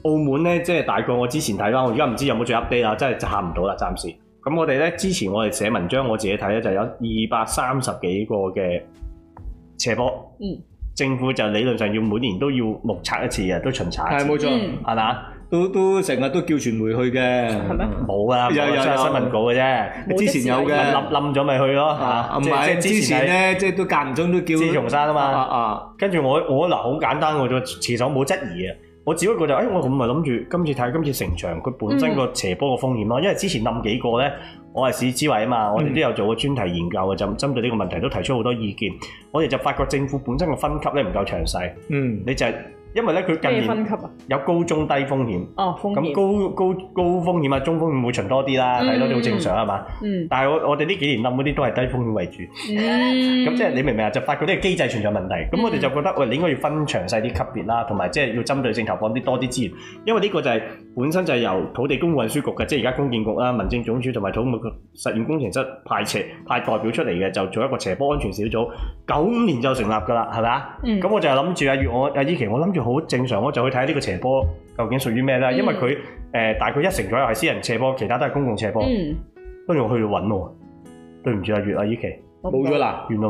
澳門咧，即係大過我之前睇翻，我而家唔知有冇再 update 啦，真係查唔到啦，暫時。咁我哋咧，之前我哋寫文章，我自己睇咧，就是，有二百三十幾個嘅斜坡，嗯。政府就理論上要每年都要目測一次嘅，都巡查一次，係冇錯，係嘛？都都成日都叫傳媒去嘅，係咩？冇啊，有有新聞稿嘅啫。之前有嘅冧冧咗咪去咯嚇。唔係，之前咧，即係都間唔中都叫。資陽山啊嘛。啊啊！跟住我我諗好簡單嘅啫，其實我冇質疑啊。我只不過就誒，我咁咪諗住今次睇下今次城牆佢本身個斜坡個風險咯，因為之前冧幾個咧。我係市諮委啊嘛，我哋都有做過專題研究嘅，針針、嗯、對呢個問題都提出好多意見。我哋就發覺政府本身嘅分級咧唔夠詳細，嗯，你就係因為咧佢近年分級有高中低風險，咁、哦、高高高風險啊，中風險會巡多啲啦，睇多啲好正常係嘛、嗯？但係我我哋呢幾年諗嗰啲都係低風險為主，咁、嗯嗯、即係你明唔明啊？就發覺啲機制存在問題，咁、嗯、我哋就覺得喂，你應該要分詳細啲級別啦，同埋即係要針對性投放啲多啲資源，因為呢個就係本身就係由土地公共運輸局嘅，即係而家公建局啦、民政總署同埋土木實驗工程室派斜派代表出嚟嘅，就做一個斜坡安全小組，九五年就成立㗎啦，係咪啊？咁、嗯、我就係諗住阿月我阿依琪。我諗住。好正常，我就去睇下呢個斜坡究竟屬於咩咧？嗯、因為佢誒、呃、大概一成左右係私人斜坡，其他都係公共斜坡。跟住、嗯、我去到揾喎，對唔住啊，月啊，依期冇咗啦！原來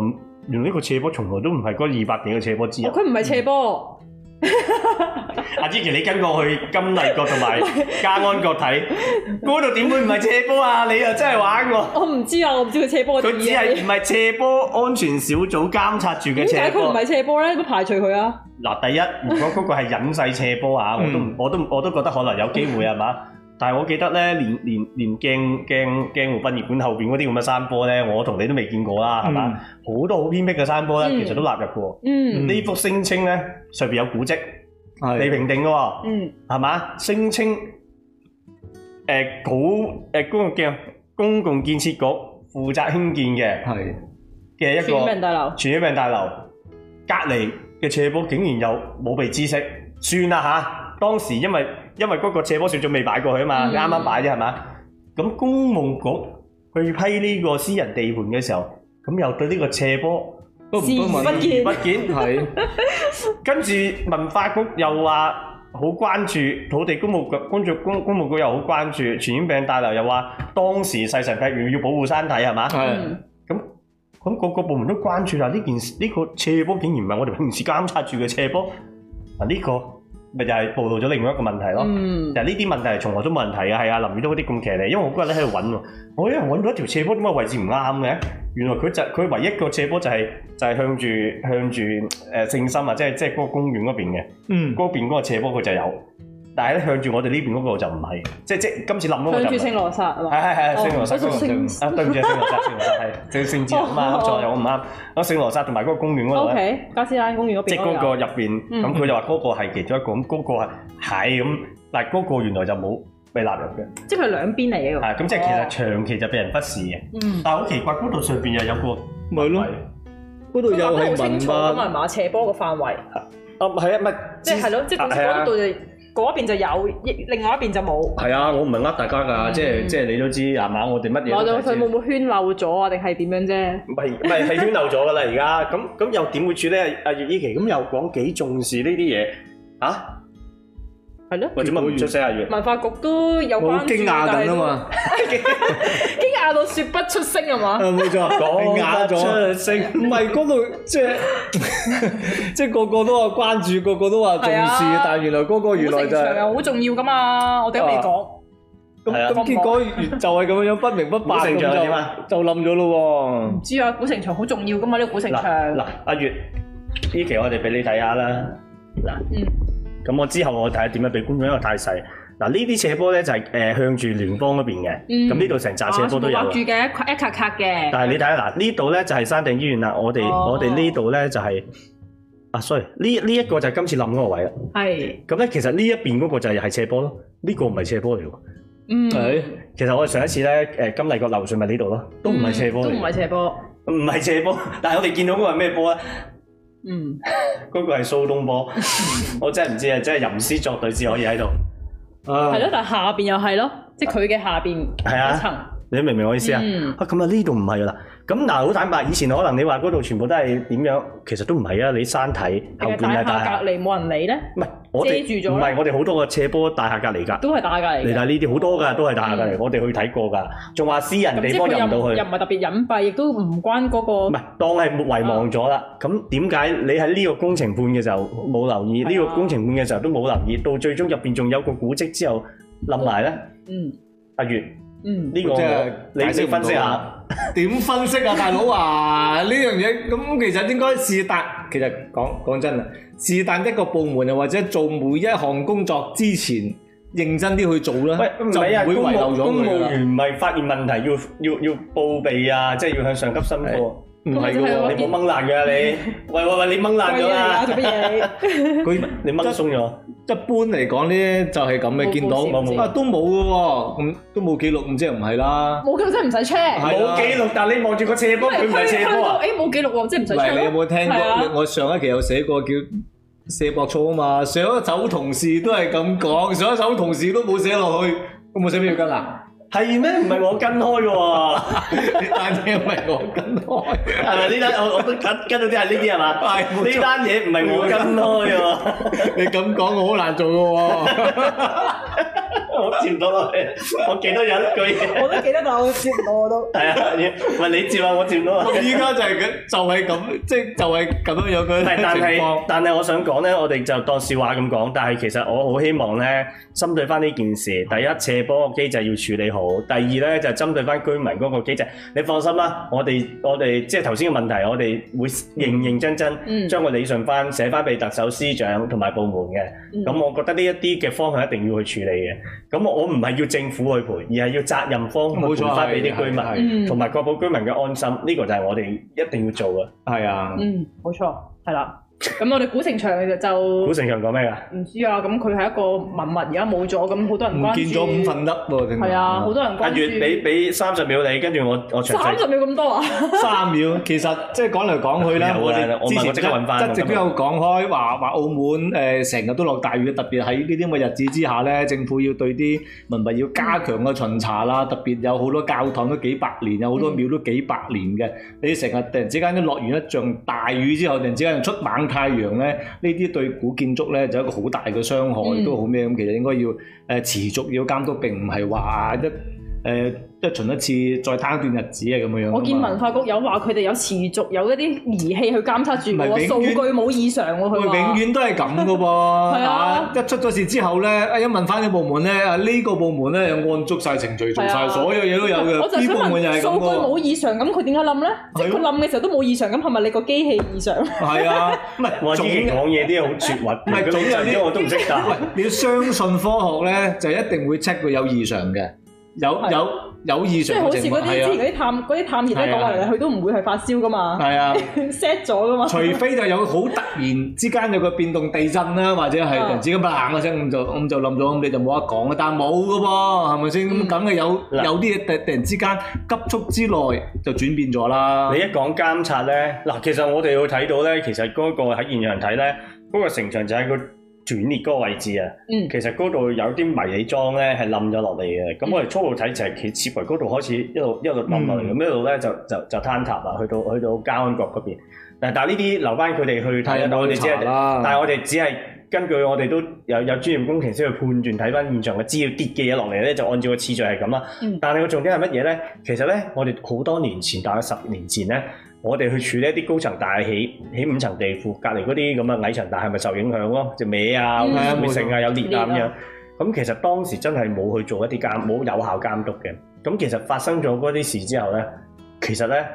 原來呢個斜坡從來都唔係嗰二百幾個斜坡之一。佢唔係斜坡。嗯 阿 Jacky 你跟我去金麗閣同埋嘉安閣睇，嗰度點會唔係斜坡啊？你又真係玩我？ 我唔知啊，我唔知佢斜坡。佢只係唔係斜坡，安全小組監察住嘅斜坡。佢唔係斜坡咧？你咪排除佢啊？嗱，第一，如果嗰個係隱世斜坡啊，我都我都我都覺得可能有機會係嘛。 但係我記得咧，連連連鏡鏡鏡湖殯儀館後邊嗰啲咁嘅山坡咧，我同你都未見過啦，係嘛？好多好偏僻嘅山坡咧，其實都納入過。嗯，呢幅聲稱咧，上邊有古蹟，係未評定嘅喎。嗯，係嘛？聲稱誒古誒公共建公共建設局負責興建嘅係嘅一個傳染病大樓，傳染病大樓隔離嘅斜坡竟然又冇被知識，算啦嚇。當時因為因為嗰個斜坡雪仲未擺過去啊嘛，啱啱擺啫係嘛？咁工務局去批呢個私人地盤嘅時候，咁又對呢個斜坡，事不見，事不見， 跟住文化局又話好關注土地工務局，關注工工務局又好關注傳染病大流，又話當時細神肺炎要保護身體係嘛？係。咁咁的各個部門都關注啦，呢件事，呢、這個斜坡竟然唔係我哋平時監察住嘅斜坡，嗱、啊、呢、這個。咪就係暴露咗另外一個問題咯，就係呢啲問題係從來都冇人提嘅，係阿、啊、林宇都嗰啲咁騎呢，因為我今日咧喺度揾喎，我因為揾到一條斜坡點解位置唔啱嘅？原來佢就佢唯一個斜坡就係就係向住向住誒聖心啊，即係即係嗰個公園嗰邊嘅，嗰邊嗰個斜坡佢就有。但係咧向住我哋呢邊嗰個就唔係，即即今次冧咗。向住聖羅莎。係係係聖羅莎。佢做聖啊，對唔住聖羅莎，聖羅莎係，就聖子啊嘛，再有唔啱，嗰聖羅莎同埋嗰個公園嗰度。O K，加思欄公園嗰邊。即嗰個入邊，咁佢就話嗰個係其中一個，咁嗰個係係咁，但嗰個原來就冇被納入嘅。即佢兩邊嚟嘅。係，咁即其實長期就被人忽視嘅。嗯。但好奇怪嗰度上邊又有個。咪咯。嗰度有好清楚，嗰個馬斜坡個範圍。啊，係啊，唔係即係咯，即嗰度。嗰邊就有，另外一邊就冇。係啊，我唔係呃大家㗎、嗯哼，即係即係你都知啊嘛，嗯、哼我哋乜嘢？我諗佢會唔會圈漏咗啊？定係點樣啫？唔係唔係係圈漏咗㗎啦！而家咁咁又點會處理啊？阿葉依琪咁又講幾重視呢啲嘢啊？係咯，或者乜會出聲啊？月文化局都有關注，但係好驚訝緊啊嘛！驚訝到說不出聲啊嘛！冇錯，驚訝咗出聲，唔係嗰度即係即係個個都話關注，個個都話重視，但係原來嗰個原來就係好重要噶嘛！我哋未講咁咁結果就係咁樣不明不白咁就就冧咗咯喎！唔知啊，古城牆好重要噶嘛？呢個古城牆嗱嗱，阿月呢期我哋俾你睇下啦嗱。咁我之後我睇下點樣俾觀眾因為太細。嗱呢啲斜坡咧就係誒向住聯邦嗰邊嘅。咁呢度成紮斜坡都有。哦，住嘅一一格格嘅。但係你睇下嗱，呢度咧就係山頂醫院啦。我哋我哋呢度咧就係啊 sorry。呢呢一個就係今次冧嗰個位啦。係是。咁咧其實呢一邊嗰個就係係斜坡咯。呢、這個唔係斜坡嚟㗎。嗯。係、哎。其實我哋上一次咧誒金麗閣樓上咪呢度咯，都唔係斜坡、嗯。都唔係斜坡，唔係斜坡。但係我哋見到嗰個係咩波呀？嗯，嗰個係蘇東坡，我真係唔知啊，真係吟詩作對先可以喺度。係、uh, 咯，但係下面又係咯，即係佢嘅下面。係啊。你明唔明我意思啊？咁啊呢度唔係啦。咁嗱，好坦白，以前可能你話嗰度全部都係點樣，其實都唔係啊。你山體後邊係大隔籬冇人理咧，唔係遮住咗，唔係我哋好多個斜坡大廈隔籬噶，都係大隔籬。你睇呢啲好多噶，都係大隔籬。我哋去睇過噶，仲話私人地方入唔到去，又唔係特別隱蔽，亦都唔關嗰個，唔係當係遺忘咗啦。咁點解你喺呢個工程判嘅時候冇留意？呢個工程判嘅時候都冇留意，到最終入邊仲有個古蹟之後冧埋咧。嗯，阿月。嗯，呢、這個即你先分析下，點 分析啊，大佬 啊，呢樣嘢咁其實應該是但，其實講講真啦，是但一個部門啊，或者做每一項工作之前，認真啲去做啦，咁、啊、就唔會遺留咗公，務了公務員唔係發現問題要要要報備啊，即係要向上級申報、嗯。唔係嘅喎，你冇掹爛嘅你。喂喂喂，你掹爛咗啦！佢你掹鬆咗。一般嚟講咧，就係咁嘅，見唔到啊都冇嘅喎，咁都冇記錄，唔知係唔係啦。冇記錄真係唔使 check。冇記錄，但係你望住個斜波，佢唔係斜波啊？誒，冇記錄喎，即係唔使。嚟，你有冇聽過我上一期有寫過叫射博錯啊嘛？上一首同事都係咁講，上一首同事都冇寫落去，都冇寫俾佢噶啦。係咩？唔係我跟開嘅喎，呢單嘢唔係我跟開，係咪呢單？我我都跟跟到啲係呢啲係嘛？呢單嘢唔係我跟開啊！你咁講，我好難做嘅喎。 我接唔到落去，我記得、 就是、有句我都記得，但我接唔到，我都係啊！唔係你接啊，我接唔到啊！依家就係佢，就係咁，即係就係咁樣樣嗰啲情況。但係，但係我想講咧，我哋就當笑話咁講。但係其實我好希望咧，針對翻呢件事，第一，斜坡嘅機制要處理好，第二咧就係、是、針對翻居民嗰個機制。你放心啦，我哋我哋即係頭先嘅問題，我哋會認認真真將個理順翻，寫翻俾特首司長同埋部門嘅。咁、嗯、我覺得呢一啲嘅方向一定要去處理嘅。咁我我唔係要政府去賠，而係要責任方賠翻俾啲居民，同埋確保居民嘅安心，呢個就係我哋一定要做嘅。係啊，嗯，冇錯，係啦。咁我哋古城牆其實就古城牆講咩㗎？唔知啊，咁佢係一個文物，而家冇咗，咁好多人唔見咗五分粒喎，係啊，好多人關注。但月俾俾三十秒你，跟住我我長三十秒咁多啊？三秒，其實即係講嚟講去咧，我問我即刻揾翻，一直都有講開話話澳門誒成日都落大雨，特別喺呢啲咁嘅日子之下咧，政府要對啲文物要加強個巡查啦，特別有好多教堂都幾百年，有好多廟都幾百年嘅，你成日突然之間都落完一場大雨之後，突然之間出猛。太陽咧，呢啲對古建築咧就有一個好大嘅傷害，都、嗯、好咩咁。其實應該要誒、呃、持續要監督，並唔係話一。誒即係巡一次，再攤一段日子啊，咁樣樣。我見文化局有話，佢哋有持續有一啲儀器去監測住，唔係數據冇異常喎。佢永遠都係咁噶噃，係啊，一出咗事之後咧，一問翻啲部門咧，呢個部門咧又按足晒程序做晒所有嘢都有嘅。呢個部門就係咁喎。數據冇異常，咁佢點解冧咧？即係佢冧嘅時候都冇異常，咁係咪你個機器異常？係啊，唔係總言講嘢啲嘢好絕，唔係總有啲我都唔識答。你要相信科學咧，就一定會 check 佢有異常嘅。有有有異常嘅情況係啊，即係好似嗰啲之前嗰啲探嗰啲探熱咧講嚟嚟，佢都唔會係發燒噶嘛，set 咗噶嘛。除非就有好突然之間有個變動地震啦，或者係突然之間啪一聲，咁就咁就冧咗，咁你就冇得講啦。但係冇噶噃，係咪先咁梗係有有啲嘢突突然之間急速之內就轉變咗啦。你一講監察咧，嗱，其實我哋會睇到咧，其實嗰個喺現場睇咧，嗰個城牆就係個。斷裂嗰個位置啊，其實嗰度有啲迷你裝咧係冧咗落嚟嘅，咁我哋初步睇就係佢斜台嗰度開始一路一路冧落嚟，咁、嗯、一度咧就就就坍塌啊，去到去到嘉安閣嗰邊。但但呢啲留翻佢哋去睇得到，但係我哋只係根據我哋都有有專業工程師去判斷睇翻現場嘅資料跌嘅嘢落嚟咧，就按照個次序係咁啦。嗯、但係個重點係乜嘢咧？其實咧，我哋好多年前，大概十年前咧。我哋去處理一啲高層大起，起五層地庫，隔離嗰啲咁嘅矮層大係咪受影響咯？就歪啊，會成啊，有裂啊咁樣。咁其實當時真係冇去做一啲監，冇有，有效監督嘅。咁其實發生咗嗰啲事之後咧，其實咧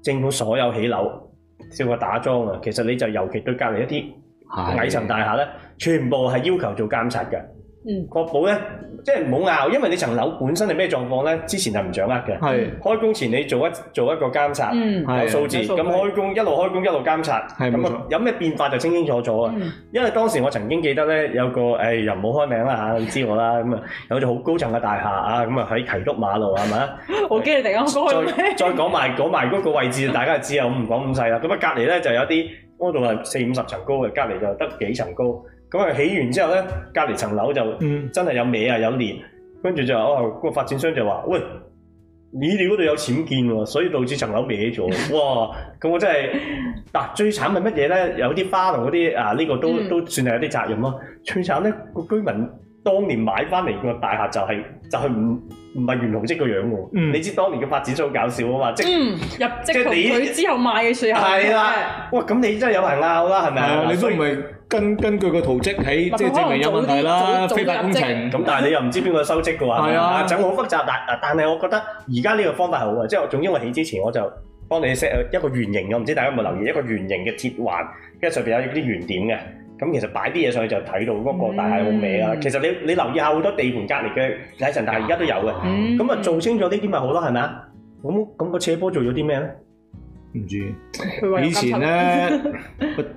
政府所有起樓，包括打樁啊，其實你就尤其對隔離一啲矮層大廈咧，全部係要求做監察嘅。嗯、確保咧，即係唔好拗，因為你層樓本身係咩狀況咧，之前係唔掌握嘅。係的開工前你做一做一個監察，嗯、有數字咁、嗯、開工，一路開工一路監察，咁啊的有咩變化就清清楚楚啊！嗯、因為當時我曾經記得咧，有個誒、哎、又唔好開名啦嚇，你知我啦，咁啊有座好高層嘅大廈啊，咁啊喺提督馬路係咪啊？好驚你哋突然間講出再再講埋講埋嗰個位置， 大家就知啊，我唔講咁細啦。咁啊隔離咧就有啲嗰度係四五十層高嘅，隔離就得幾層高。咁啊起完之後咧，隔離層樓就真係有歪啊、嗯、有裂，跟住就話、哦嗰個發展商就話：喂，你哋嗰度有僭建喎，所以導致層樓歪咗。哇！咁我真係嗱、啊，最慘係乜嘢呢？有啲花同嗰啲呢個都、嗯、都算係有啲責任咯。最慘呢，個居民，當年買翻嚟個大廈就係就係唔唔係原圖則個樣喎，你知當年嘅發展都好搞笑啊嘛，即係入職同佢之後賣嘅時候係啦，哇咁你真係有排鬧啦，係咪啊？你都唔係根根據個圖則喺即係證明有問題啦，非法工程咁，但係你又唔知邊個收職嘅話，係啊，就好複雜。但係但係，我覺得而家呢個方法係好啊，即係我仲因為起之前我就幫你 set 一個圓形，我唔知大家有冇留意一個圓形嘅鐵環，跟住上邊有啲圓點嘅。咁其實擺啲嘢上去就睇到嗰個大廈好歪啦，啊。嗯、其實你你留意下好多地盤隔離嘅睇神，大廈而家都有嘅。咁啊、嗯，做清楚呢啲咪好咯，係咪啊？咁咁個斜坡做咗啲咩咧？唔住，以前咧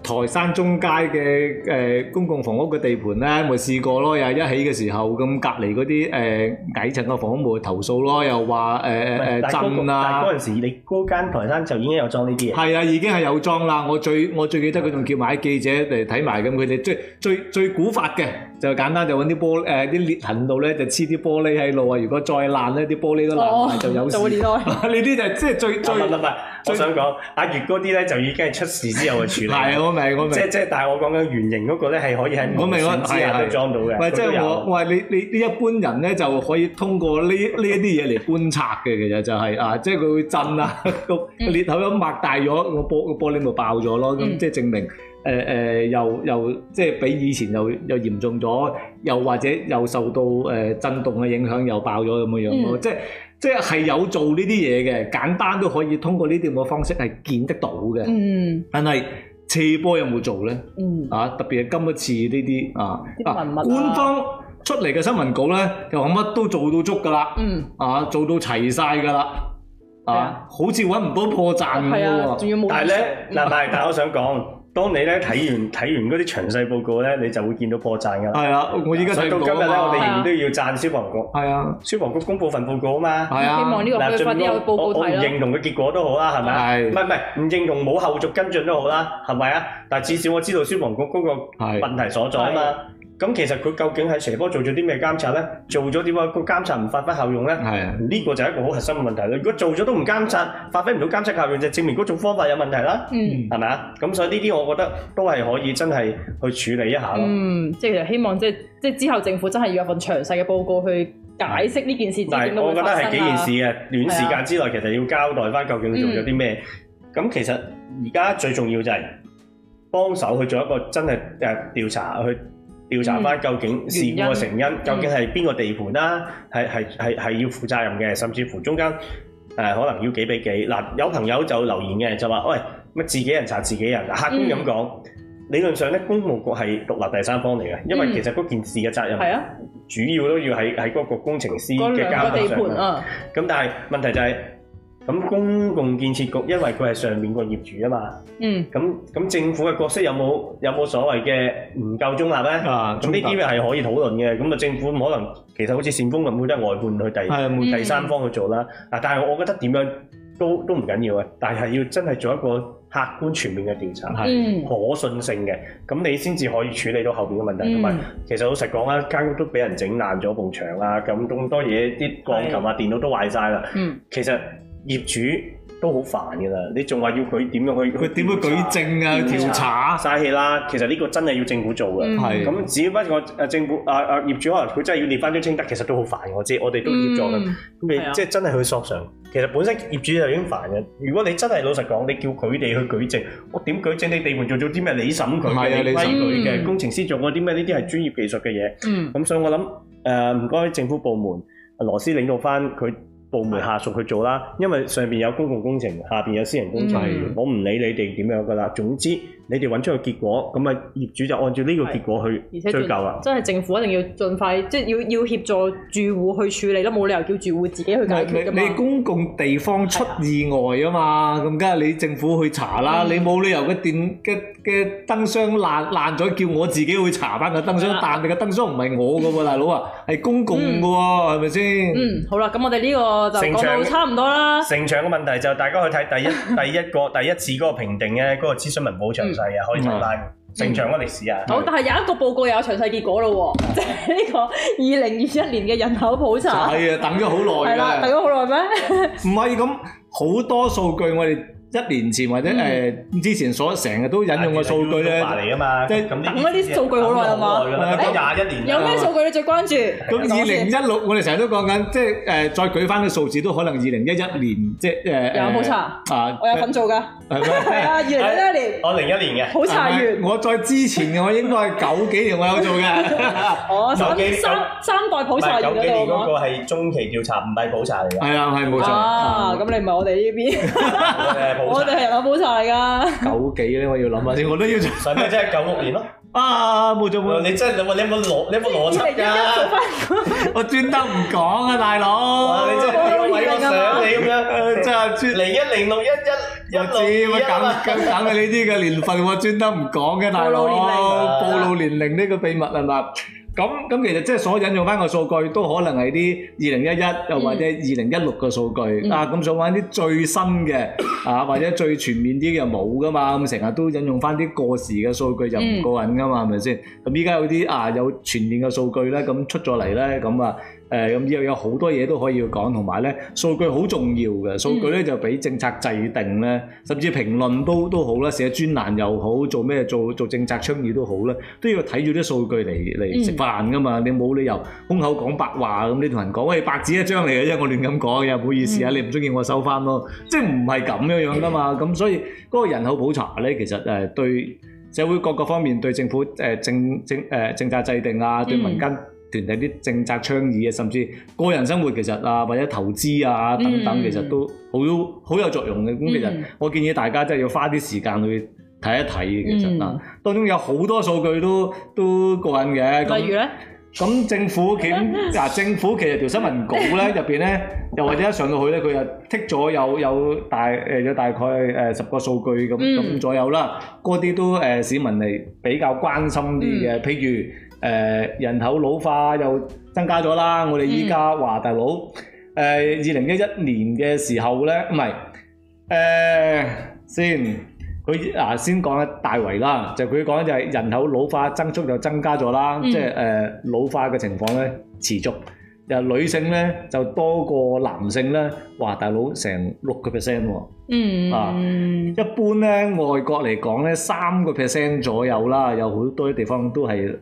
台山中街嘅誒公共房屋嘅地盤咧，咪試過咯，又係一起嘅時候，咁隔離嗰啲誒矮層嘅房屋咪投訴咯，又話誒誒震啦。但嗰陣時你嗰間台山就已經有裝呢啲嘅，係啊，已經係有裝啦。我最我最記得佢仲叫埋啲記者嚟睇埋咁，佢哋最最最古法嘅就簡單就揾啲玻誒啲裂痕度咧就黐啲玻璃喺度啊。如果再爛咧，啲玻璃都爛埋就有。早年代。呢啲就即係最最唔係，我想阿月嗰啲咧，就已經係出事之後嘅處理。係， 我明，我明。即即係，但係我講緊圓形嗰個咧，係可以喺唔同位置度裝到嘅。唔係 白，即係我，唔係你，你呢一般人咧就可以通過呢呢一啲嘢嚟觀察嘅。其實就係、是、啊，即係佢會震啊，個裂口一擘大咗，個玻個玻璃咪爆咗咯。咁即係證明，誒、呃、誒、呃呃，又又，又即係比以前又又嚴重咗，又或者又受到誒震動嘅影響又爆咗咁嘅樣咯，即係對 樣。 即係有做呢啲嘢嘅，簡單都可以通過呢啲咁嘅方式係見得到嘅。嗯，但係斜坡有冇做咧？嗯，啊特別係今一次呢啲啊，啊，官方出嚟嘅新聞稿咧，就乜都做到足噶啦。嗯，啊做到齊晒噶啦，啊，啊好似揾唔到破綻咁嘅喎。啊、但係咧，嗯、但係，但係我想講。 當你咧睇完睇完嗰啲詳細報告咧，你就會見到破綻噶。係啦、 嗯，我而家睇到。所以、嗯、今日咧，我哋仍然都要讚消防局。係 啊，消防局公佈份報告啊嘛。係啊。希望呢個可以、啊、度報告我唔認同嘅結果都好啦，係咪？係是。唔係唔係，唔認同冇後續跟進都好啦，係咪啊？但至少我知道消防局嗰個問題所在啊嘛。咁其實佢究竟喺斜坡做咗啲咩監察咧？做咗點啊？個監察唔發揮效用咧？係。呢個就係一個好核心嘅問題啦。如果做咗都唔監察，發揮唔到監察效用，就證明嗰種方法有問題啦。嗯。係咪啊？咁所以呢啲我覺得都係可以真係去處理一下咯。嗯，即係希望即係即係之後政府真係要有份詳細嘅報告去解釋呢件事究竟點樣發生啦。係啊。我覺得係幾件事嘅。短時間之內其實要交代返究竟佢做咗啲咩？咁其實而家最重要就係幫手去做一個真係誒調查去。調查翻究竟事故嘅成因，究竟係邊個地盤啦？係係係係要負責任嘅，甚至乎中間誒可能要幾比幾嗱？有朋友就留言嘅就話：喂，乜自己人查自己人，客觀咁講。理論上咧，工務局係獨立第三方嚟嘅，因為其實嗰件事嘅責任係啊，主要都要喺喺嗰個工程師嘅監察上面。咁但係問題就係。咁公共建設局，因為佢係上面個業主啊嘛，嗯，咁咁政府嘅角色有冇有冇所謂嘅唔夠中立咧？啊，咁呢啲係可以討論嘅。咁啊，政府可能其實好似善風咁，會得外判去第第三方去做啦。嗱、嗯，但係我覺得點樣都都唔緊要嘅，但係要真係做一個客觀全面嘅調查，係、嗯、可信性嘅，咁你先至可以處理到後邊嘅問題。同埋、嗯、其實老實講啊，間屋都俾人整爛咗，埲牆啦，咁咁多嘢，啲鋼琴啊、電腦都壞晒啦。嗯，其實。業主都好煩嘅啦，你仲話要佢點樣去？佢點樣舉證啊？調查？嘥氣啦！其實呢個真係要政府做嘅。咁只不過政府啊啊業主，可能佢真係要攞翻張清單，其實都好煩。我知我哋都協助嘅，咁、mm. 你即係真係去索償。其實本身業主就已經煩嘅。如果你真係老實講，你叫佢哋去舉證，我點舉證？你地盤做咗啲咩？你審佢嘅，你審佢嘅。工程師做過啲咩？呢啲係專業技術嘅嘢。咁、mm. 嗯、所以我諗誒，唔、uh, 該政府部門，羅斯領導翻佢。部門下屬去做啦，因為上面有公共工程，下面有私人工程，嗯、我唔理你哋點樣噶啦，總之。你哋揾出個結果，咁啊業主就按照呢個結果去追究啦。真係政府一定要盡快，即係要要協助住戶去處理咯，冇理由叫住戶自己去解決㗎嘛。你公共地方出意外啊嘛，咁梗係你政府去查啦。你冇理由嘅電嘅嘅燈箱爛爛咗，叫我自己去查翻個燈箱。但你個燈箱唔係我㗎喎，大佬啊，係公共㗎喎，係咪先？嗯，好啦，咁我哋呢個就講到差唔多啦。成場嘅問題就大家去睇第一第一個第一次嗰個評定嘅嗰個諮詢文保障。係啊，可以睇翻正常嘅歷史啊。嗯、的好，但係有一個報告又有詳細結果咯，即係呢個二零二一年嘅人口普查。係啊， 等咗好耐啦。係啦， 等咗好耐咩？唔係咁，好多數據我哋。一年前或者誒之前所成日都引用嘅數據咧，即係咁啲數據好耐啦嘛，誒廿一年有咩數據你最關注？咁二零一六我哋成日都講緊，即係誒再舉翻啲數字都可能二零一一年，即係誒。有普查啊，我有份做㗎，係啊，二零一一年。我零一年嘅普查我再之前嘅我應該係九幾年我有做㗎。我三三代普查員嗰度。九幾年嗰個係中期調查，唔係普查嚟㗎。係啊，係冇錯。咁你唔係我哋呢邊？我哋係廿五歳噶，九幾咧？我要諗下先，我都要做想咩？即係九六年咯。啊，冇做冇錯，你真係你有冇邏你有冇邏輯㗎？我專登唔講啊，大佬。你真係俾我揾個相你咁樣，真係專零一零六一一又六一。我知，揀揀你呢啲嘅年份，我專登唔講嘅大佬，暴露年齡呢個秘密係咪？咁咁其實即係所引用翻個數據都可能係啲二零一一又或者二零一六嘅數據、嗯、啊，咁想玩啲最新嘅 啊或者最全面啲又冇噶嘛，咁成日都引用翻啲過時嘅數據就唔過癮噶嘛，係咪先？咁依家有啲啊有全面嘅數據咧，咁出咗嚟咧，咁啊～誒咁又有好多嘢都可以講，同埋咧數據好重要嘅，數據咧就俾政策制定咧，嗯、甚至評論都都好啦，寫專欄又好，做咩做做政策倡議都好啦，都要睇住啲數據嚟嚟食飯噶嘛，你冇理由空口講白話咁，你同人講喂，白紙一張嚟嘅，因為我亂咁講嘅，唔好意思啊，嗯、你唔中意我收翻咯，即係唔係咁樣樣噶嘛，咁、嗯、所以嗰個人口普查咧，其實誒對社會各個方面，對政府誒、呃、政政誒政、政策制定啊，對民間嗯團體啲政策倡議啊，甚至個人生活其實啊，或者投資啊等等，嗯、其實都好好有作用嘅。咁、嗯、其實我建議大家真係要花啲時間去睇一睇，其實啊，嗯、當中有好多數據都都過緊嘅。例如咧，咁政府其嗱政府其實， 府其實條新聞稿咧入邊咧， 又或者一上到去咧，佢又剔咗有有大誒有大概誒十個數據咁咁左右啦。嗰啲、嗯嗯、都誒市民嚟比較關心啲嘅，譬如。誒、呃、人口老化又增加咗啦！我哋依家華大佬誒二零一一年嘅時候咧，唔係誒先佢啊先講咧大圍啦，就佢講就係人口老化增速又增加咗啦，嗯、即係誒、呃、老化嘅情況咧持續。就女性咧就多過男性咧，華大佬成六個 percent 喎。哦、嗯啊，一般咧外國嚟講咧三個 percent 左右啦，有好多地方都係。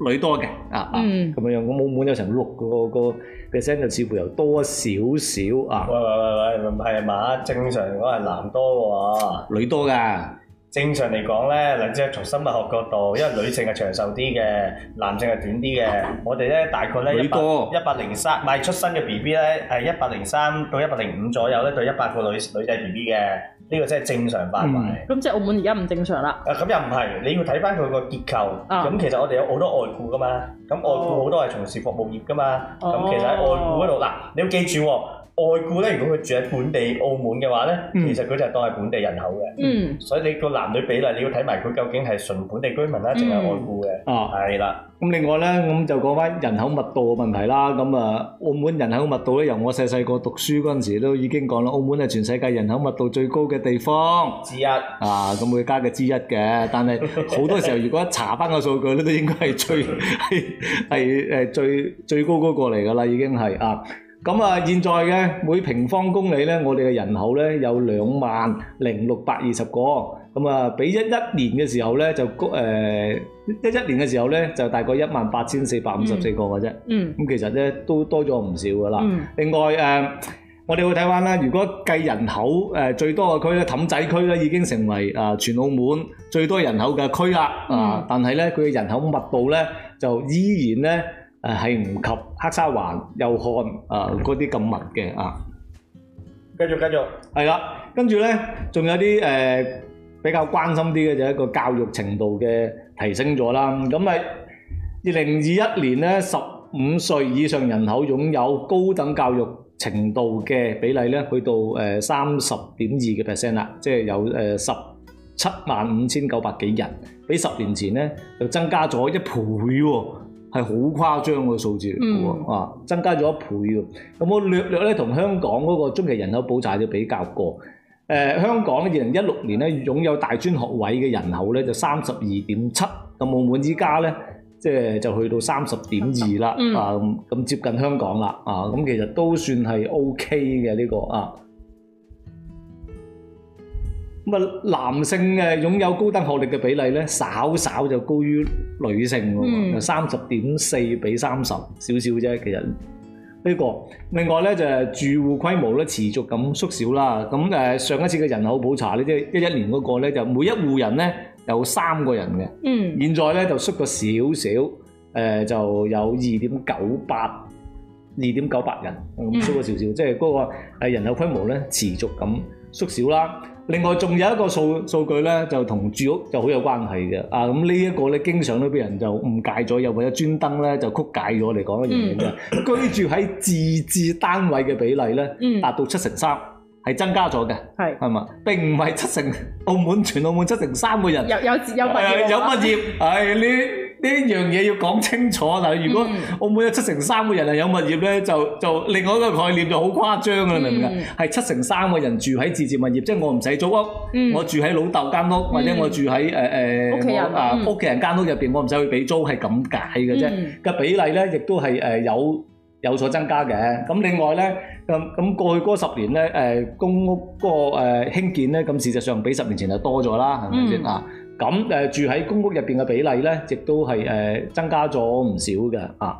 女多嘅啊，咁、啊、樣樣澳門有成六、那個、那個 percent 就似乎又多少少啊？唔係唔係唔係唔嘛？正常嚟講係男多喎，女多㗎。正常嚟講咧，嗱，即係從生物學角度，因為女性係長壽啲嘅，男性係短啲嘅。嗯、我哋咧大概咧女多。一百零三賣出生嘅 B B 咧係一百零三到一百零五左右咧，對一百個女女仔 B B 嘅。呢個真係正常範圍。咁即係澳門而家唔正常啦。啊，咁又唔係，你要睇翻佢個結構。咁、啊、其實我哋有好多外僱噶嘛，咁外僱好多係從事服務業噶嘛。咁、哦、其實喺外僱嗰度，嗱、啊，你要記住喎。外僑咧，如果佢住喺本地澳門嘅話咧，其實佢就當係本地人口嘅，所以你個男女比例你要睇埋佢究竟係純本地居民啦，定係外僑嘅。啊，係啦。咁另外咧，咁就講翻人口密度嘅問題啦。咁啊，澳門人口密度咧，由我細細個讀書嗰陣時都已經講啦，澳門係全世界人口密度最高嘅地方之一。啊，咁會加嘅之一嘅，但係好多時候如果一查翻個數據咧，都應該係最係係誒最最高嗰個嚟㗎啦，已經係啊。咁啊，現在嘅每平方公里咧，我哋嘅人口咧有兩萬零六百二十個。咁啊，比一一年嘅時候咧就高，誒一一年嘅時候咧就大概一萬八千四百五十幾個嘅啫。嗯，咁其實咧都多咗唔少噶啦。另外誒，我哋會睇返咧，如果計人口誒最多嘅區咧，氹仔區咧已經成為啊全澳門最多人口嘅區啦。啊，但係咧佢嘅人口密度咧就依然咧。誒係唔及黑沙環、祐漢啊嗰啲咁密嘅啊，繼續繼續，係啦。跟住咧，仲有啲誒比較關心啲嘅就係一個教育程度嘅提升咗啦。咁啊，二零二一年咧，十五歲以上人口擁有高等教育程度嘅比例咧，去到誒三十點二嘅 percent 啦，即係有誒十七萬五千九百幾人，比十年前咧又增加咗一倍喎。係好誇張個數字嚟嘅喎，嗯、啊增加咗一倍嘅。咁我略略咧同香港嗰個中期人口普查就比較過，誒、呃、香港二零一六年咧擁有大專學位嘅人口咧就三十二點七，咁澳門依家咧即係就去到三十點二啦，嗯、啊咁接近香港啦，啊咁其實都算係 O K 嘅呢個啊。咁啊，男性嘅擁有高等學歷嘅比例咧，稍稍就高於女性三十點四比三十少少啫。其實呢個另外咧就係、住戶規模咧持續咁縮小啦。咁誒、呃、上一次嘅人口普查咧，即係一一年嗰個咧，就每一戶人咧有三個人嘅，嗯，現在咧就縮個少少，誒、呃、就有二點九八二點九八人，嗯嗯、縮個少少，即係嗰個人口規模咧持續咁縮小啦。另外仲有一個數數據咧，就同住屋就好有關係嘅啊！咁呢一個咧，經常都俾人就誤解咗，又或者專登咧就曲解咗嚟講嘅嘢嘅。嗯、居住喺自置單位嘅比例咧，嗯、達到七成三，係增加咗嘅，係咪是？並唔係七成，澳門全澳門七成三嘅人有有有物有物業係、啊、呢。呢樣嘢要講清楚，但係，如果我哋有七成三個人係有物業咧，就就另外一個概念就好誇張啦，明唔明啊？係七成三個人住喺自置物業，即係我唔使租屋，我住喺老竇間屋，或者我住喺誒誒，啊屋企人間屋入邊，我唔使去俾租，係咁解嘅啫。個比例咧，亦都係誒有有所增加嘅。咁另外咧，咁咁過去嗰十年咧，誒公屋嗰個誒興建咧，咁事實上比十年前就多咗啦，係咪先啊？咁誒住喺公屋入邊嘅比例咧，亦都係誒、呃、增加咗唔少嘅啊！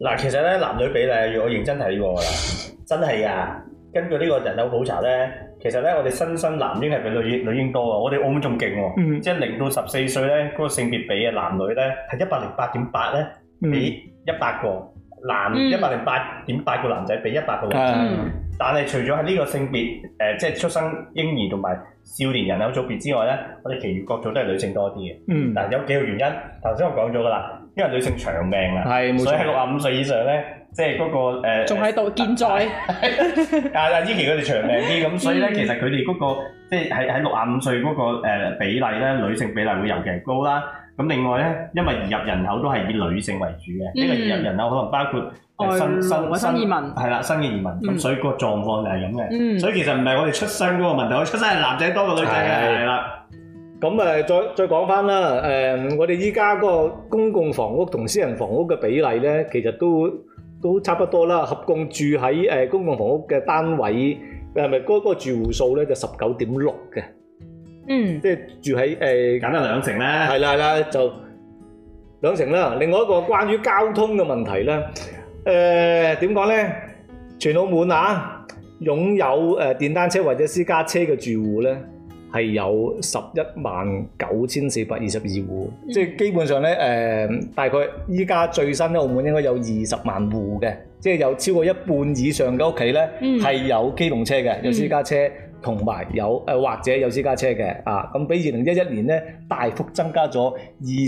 嗱，其實咧男女比例，如果認真睇過啦， 真係噶、啊，根據呢個人口普查咧，其實咧我哋新生男嬰係比女嬰女嬰多喎，我哋澳門仲勁喎，嗯、即係零到十四歲咧，嗰、那個性別比嘅男女咧係一百零八點八咧，比一百個男，一百零八點八個男仔比一百個女仔。嗯嗯但係除咗喺呢個性別，誒、呃、即係出生嬰兒同埋少年人口組別之外咧，我哋其餘各組都係女性多啲嘅。嗯，嗱，有幾個原因，頭先我講咗噶啦，因為女性長命啊，係冇錯，所以喺六十五歲以上咧，即係嗰、嗰個仲喺度健在。但係呢期佢哋長命啲，咁、 嗯、所以咧其實佢哋嗰個即係喺喺六十五歲嗰個比例咧，女性比例會尤其高啦。咁另外咧，因為移入人口都係以女性為主嘅，因為移入人口可能包括新新新移民，係啦，新嘅移民，所以個狀況就係咁嘅。所以其實唔係我哋出生嗰個問題，我出生係男仔多過女仔嘅。係啦，咁誒，再再講返啦，誒，我哋依家嗰個公共房屋同私人房屋嘅比例咧，其實都都差不多啦。合共住喺誒公共房屋嘅單位，係咪嗰個住戶數咧就十九點六嘅？嗯，即係住喺誒，呃、簡單兩成啦，係啦係啦，就兩成啦。另外一個關於交通嘅問題咧，誒點講咧？全澳門啊，擁有誒、呃、電單車或者私家車嘅住戶咧，係有十一萬九千四百二十二戶，嗯、即係基本上咧誒、呃，大概依家最新咧，澳門應該有二十萬戶嘅，即係有超過一半以上嘅屋企咧係有機動車嘅，有私家車。嗯同埋有誒或者有私家車嘅啊，咁比二零一一年咧大幅增加咗二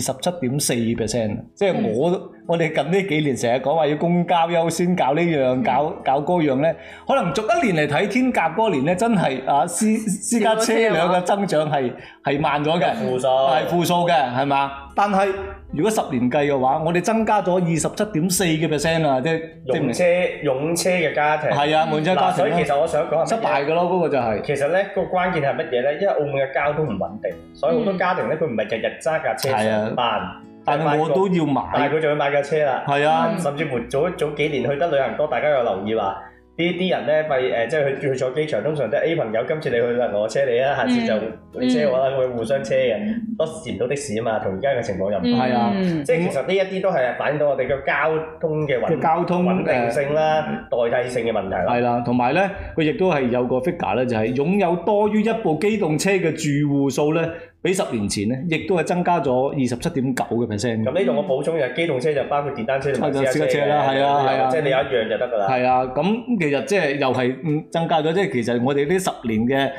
十七點四 percent，即係我、嗯、我哋近呢幾年成日講話要公交優先搞呢樣、嗯、搞搞嗰樣咧，可能逐一年嚟睇天鴿嗰年咧真係啊私私家車輛嘅增長係係慢咗嘅，係負數嘅係嘛？但係。如果十年計嘅話，我哋增加咗二十七點四嘅 percent 啊，即係用車用車嘅家庭。係啊，用車家庭。嗱，所以其實我想講係乜嘢？失敗嘅咯，嗰個就係。其實咧，個關鍵係乜嘢咧？因為澳門嘅交通都唔穩定，所以好多家庭咧，佢唔係日日揸架車上班，但係我都要買，但係佢就要買架車啦。係啊，甚至乎早早幾年去得旅行多，大家有留意話。呢啲人咧，例如即係去去坐機場，通常都係 A 朋友今次你去啦，我車你啦，下次就你車我啦，佢、mm. 互相車嘅，多時唔到的士啊嘛，同而家嘅情況又唔係啊，mm. 即係其實呢一啲都係反映到我哋嘅交通嘅交通穩定性啦、代替性嘅問題啦。係啦，同埋咧，佢亦都係有個 figure 咧，就係擁有多於一部機動車嘅住戶數咧。比十年前呢，亦都係增加咗二十七點九嘅 percent。咁呢度我補充嘅機動車就包括電單車同埋私家車啦，係啊係啊，即係你有一樣就得㗎喇。係啊，咁其實即係又係增加咗，即係其實我哋呢十年嘅。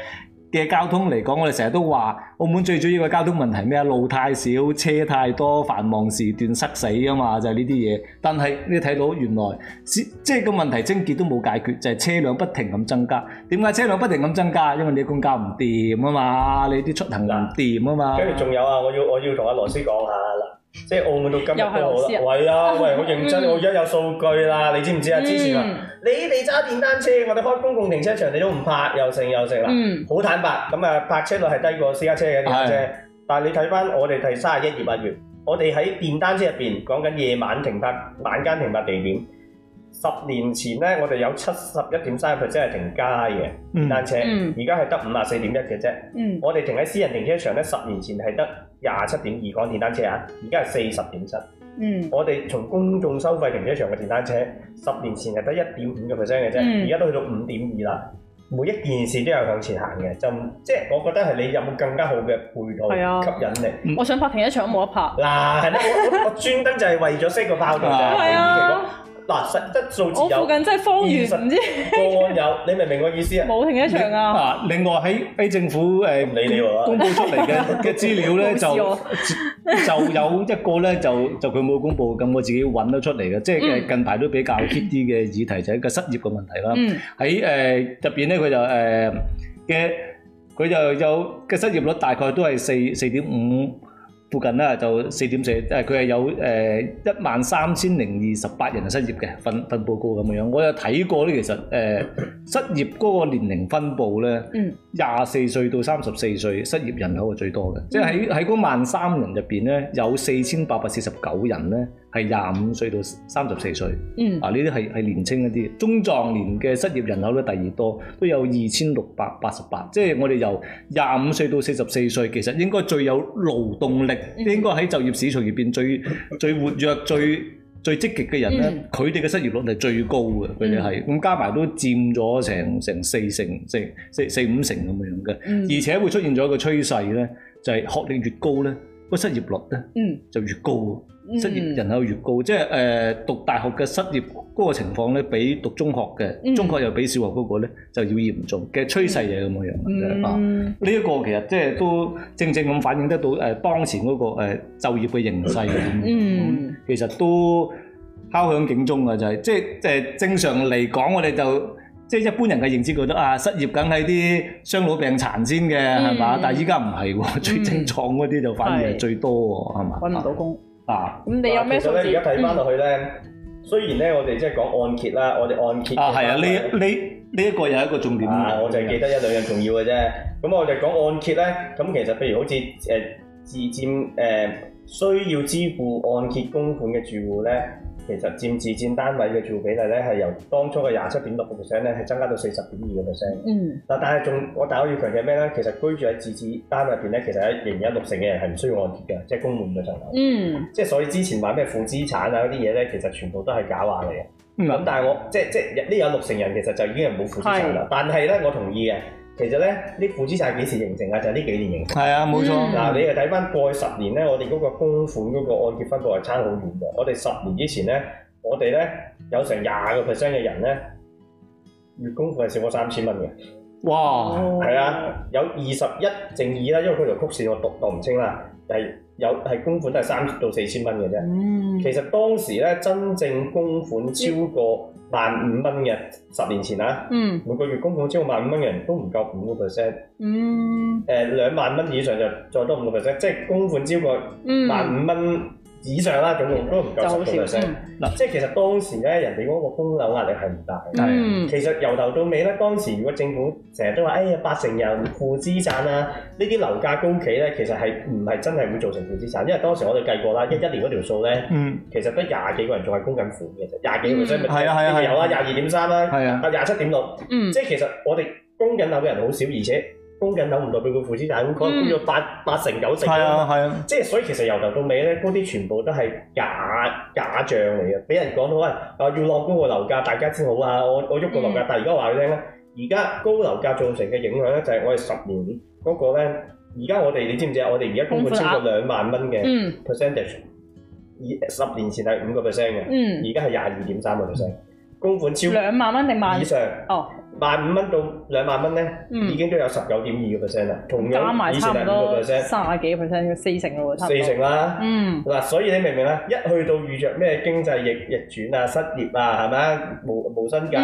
嘅交通嚟講，我哋成日都話，澳門最主要嘅交通問題咩啊？路太少，車太多，繁忙時段塞死啊嘛，就係呢啲嘢。但係你睇到原來，即係個問題症結都冇解決，就係車輛不停咁增加。點解車輛不停咁增加？因為你公交唔掂啊嘛，你啲出行唔掂啊嘛。跟住仲有啊，我要我要同阿羅斯講下啦。即係澳門到今日是都好啦，人喂啦、啊，喂，好認真， 我而家有數據啦，你知唔知啊？嗯、之前啊，你哋揸電單車，我哋開公共停車場，你都唔泊，又剩又剩啦，好、嗯、坦白。咁啊，泊車率係低過私家車嘅電單車，的但係你睇翻我哋睇三十一、二八月，我哋喺電單車入邊講緊夜晚停泊、晚間停泊地點。十年前呢，我哋有七十一點三個 percent 係停街嘅電單車，而家係得五啊四點一嘅啫。嗯、我哋停喺私人停車場呢，十年前係得廿七點二港電單車啊、嗯，而家係四十點七。我哋從公眾收費停車場嘅電單車，十年前係得一點五個 percent 嘅啫，而家都去到五點二啦。每一件事都有向前行嘅，就即係我覺得係你有冇更加好嘅配套、啊、吸引力。我想拍停車場冇得拍。嗱、啊，我我我專登就係為咗識個炮度咋。 嗱、啊，實質數字附近方有，唔實知。個案有，你明唔明我意思啊？冇停一場啊！另外喺非政府誒，唔理你喎，公布管出嚟嘅嘅資料咧， 就 就，就有一個咧，就就佢冇公布。咁我自己揾得出嚟嘅，即係近排都比較 hit 啲嘅議題、嗯、就係個失業嘅問題啦。喺誒入邊咧，佢、呃、就誒嘅佢就有嘅失業率大概都係四四點五。附近咧就四點四，誒佢係有誒一萬三千零二十八人失業嘅份份報告咁樣樣。我有睇過咧，其實誒、呃、失業嗰個年齡分佈咧，廿四歲到三十四歲失業人口係最多嘅。嗯、即係喺喺嗰萬三人入邊咧，有四千八百四十九人咧。係廿五歲到三十四歲，啊呢啲係係年青一啲，中壯年嘅失業人口咧第二多，都有二千六百八十八。即係我哋由廿五歲到四十四歲，其實應該最有勞動力，嗯、應該喺就業市場入變最最活躍、最最積極嘅人咧，佢哋嘅失業率係最高嘅，佢哋係咁加埋都佔咗成成，成四成、四四四五成咁樣嘅，而且會出現咗一個趨勢咧，就係、是、學歷越高咧，那個失業率咧就越高。失業人口越高，即係誒讀大學嘅失業嗰個情況咧，比讀中學嘅，中學又比小學嗰個咧就要嚴重嘅趨勢嘅咁嘅樣。呢一個其實即係都正正咁反映得到誒當前嗰個就業嘅形勢。其實都敲響警鐘嘅就係，即係誒正常嚟講，我哋就即係一般人嘅認知覺得啊，失業緊係啲傷老病殘先嘅係嘛，但係依家唔係喎，最精壯嗰啲就反而係最多喎係嘛，揾唔到工。啊！咁、嗯、你有咩？其實咧，而家睇翻落去咧，嗯、雖然咧，我哋即係講按揭啦，我哋按揭、就是、啊，係啊，呢呢呢一個又係一個重點啊！啊我就係記得一兩樣重要嘅啫。咁、嗯嗯、我就講按揭咧，咁其實譬如好似誒、呃、自佔誒、呃、需要支付按揭供款嘅住戶咧。其實佔自置單位嘅住戶比例咧，係由當初嘅廿七點六個 percent 咧，係增加到四十點二個 percent。嗯。嗱，但係仲，我但係我要強調咩咧？其實居住喺自置單位入邊咧，其實仍然有六成嘅人係唔需要按揭嘅，即係供滿咗層樓。嗯。即係所以之前話咩負資產啊嗰啲嘢咧，其實全部都係假話嚟嘅。嗯。咁但係我即即呢有六成人其實就已經係冇負資產啦。係。但係咧，我同意嘅。其實咧，啲負資產幾時形成啊？就係、是、呢幾年形成。係啊，冇錯。嗱、嗯，你又睇翻過去十年咧，我哋嗰個供款嗰個按揭分佈係差好遠嘅。我哋十年之前咧，我哋咧有成廿個 percent 嘅人咧，月供款係少過三千蚊嘅。哇！係啊，有二十一正二啦，因為佢條曲線我讀讀唔清啦，係有係供款都係三到四千蚊嘅啫。4, 嗯。其實當時咧，真正供款超過、嗯。萬五蚊嘅十年前啦，嗯、每個月供款超過萬五蚊嘅人都唔夠五個 percent。嗯，誒兩萬蚊以上就再多五個 percent，即係供款超過萬五蚊以上啦，總共都唔夠十個 percent。嗱，即係其實當時咧，人哋嗰個供樓壓力係唔大嘅。嗯，其實由頭到尾咧，當時如果政府成日都話，哎呀，八成人負資產啊，呢啲樓價高企咧，其實係唔係真係會造成負資產？因為當時我哋計過啦，一一年嗰條數咧，嗯，其實得廿幾個人仲係供緊款嘅啫，廿幾個 percent 係啊，係啊，有啦，廿二點三啦，係啊，廿七點六，6，嗯，即係其實我哋供緊樓嘅人好少，而且。供緊樓唔代表佢負資產，嗰個叫要八八成九成。啊係啊，啊即係所以其實由頭到尾咧，嗰啲全部都係假假象嚟嘅。俾人講到話，啊、哎、要落高個樓價，大家先好啊！我我喐個樓價，嗯、但係而家俾話你聽咧，而家高樓價造成嘅影響咧、那個，就係我哋十年嗰個咧，而家我哋你知唔知啊？我哋而家供款超過兩萬蚊嘅 percentage，十、嗯、年前係五個 percent 嘅，而家係廿二點三個 percent。供款超兩萬蚊定萬以上？哦。萬五蚊到兩萬蚊咧，已經都有十九點二個 percent 啦，同樣以前係五個 percent，三啊幾 percent，四成喎，差唔多四成啦。嗱，嗯、所以你明唔明啊？一去到遇着咩經濟逆逆轉啊、失業啊，係咪啊？冇冇薪金，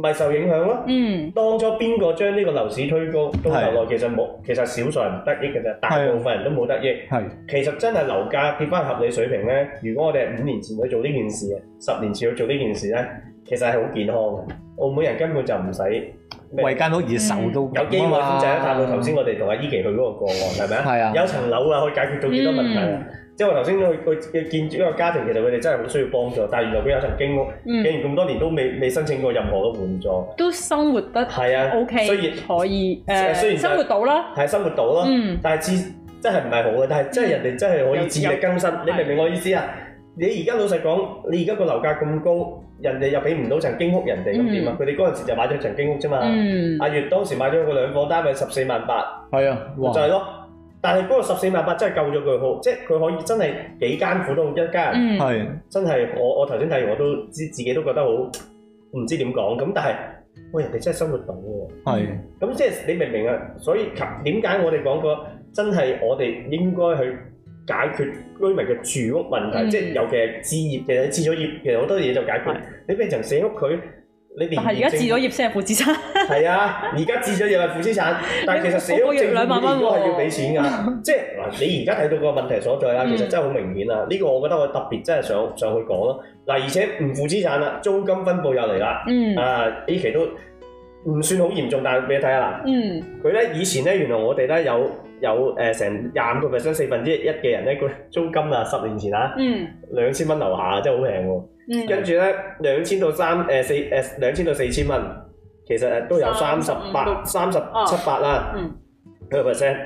咪、嗯、受影響咯。嗯、當初邊個將呢個樓市推高，到頭來是的 其實冇，其實少數人得益嘅啫，大部分人都冇得益。是的 其實真係樓價跌翻合理水平咧，如果我哋係五年前去做呢件事，十年前去做呢件事咧。其實係好健康嘅，澳門人根本就唔使違建，可以守到有經屋編制啊！睇到頭先我哋同阿依琪去嗰個個案係咪啊？有層樓啊，可以解決到幾多問題啊？即係我頭先去佢見住一個家庭，其實佢哋真係好需要幫助，但係原來佢有層經屋，竟然咁多年都未未申請過任何嘅援助，都生活得係啊，OK。雖然可以誒，雖然生活到啦，係生活到啦，但係自真係唔係好嘅。但係真係人哋真係可以自力更生，你明唔明我意思啊？你而家老實講，你而家個樓價咁高。人哋又俾唔到層經屋人，人哋咁點啊？佢哋嗰陣時就買咗層經屋啫嘛。嗯、阿月當時買咗個兩房單位十四萬八，係啊，就係咯。但係嗰個十四萬八真係救咗佢好，即係佢可以真係幾艱苦都一家人，係、嗯、是真係我我頭先睇完我都知自己都覺得好唔知點講。咁但係喂人哋真係生活到喎，係咁是、嗯、即係你明唔明啊？所以點解我哋講過真係我哋應該去。解決居民嘅住屋問題，即係、嗯、尤其係置業嘅、其實置咗業其實好多嘢就解決。的你變成社屋佢你連，但係而家置咗業先係負資產。係 啊，而家置咗業係負資產，但係其實社屋政府依然都係要俾錢㗎，嗯、即係嗱，你而家睇到個問題所在啦，其實真係好明顯啦。呢、嗯、個我覺得我特別真係想上去講咯。嗱，而且唔負資產啦，租金分佈入嚟啦，嗯、啊呢期都唔算好嚴重，但係俾你睇下嗱。嗯，佢咧以前咧原來我哋咧有。有誒成廿五個 percent 四分之一嘅人一個租金啊，十年前啊，兩千蚊樓下真係好平喎。嗯、跟住咧兩千到三誒四誒兩千到四千蚊，其實誒都有三十八三十七八啦，幾個 percent。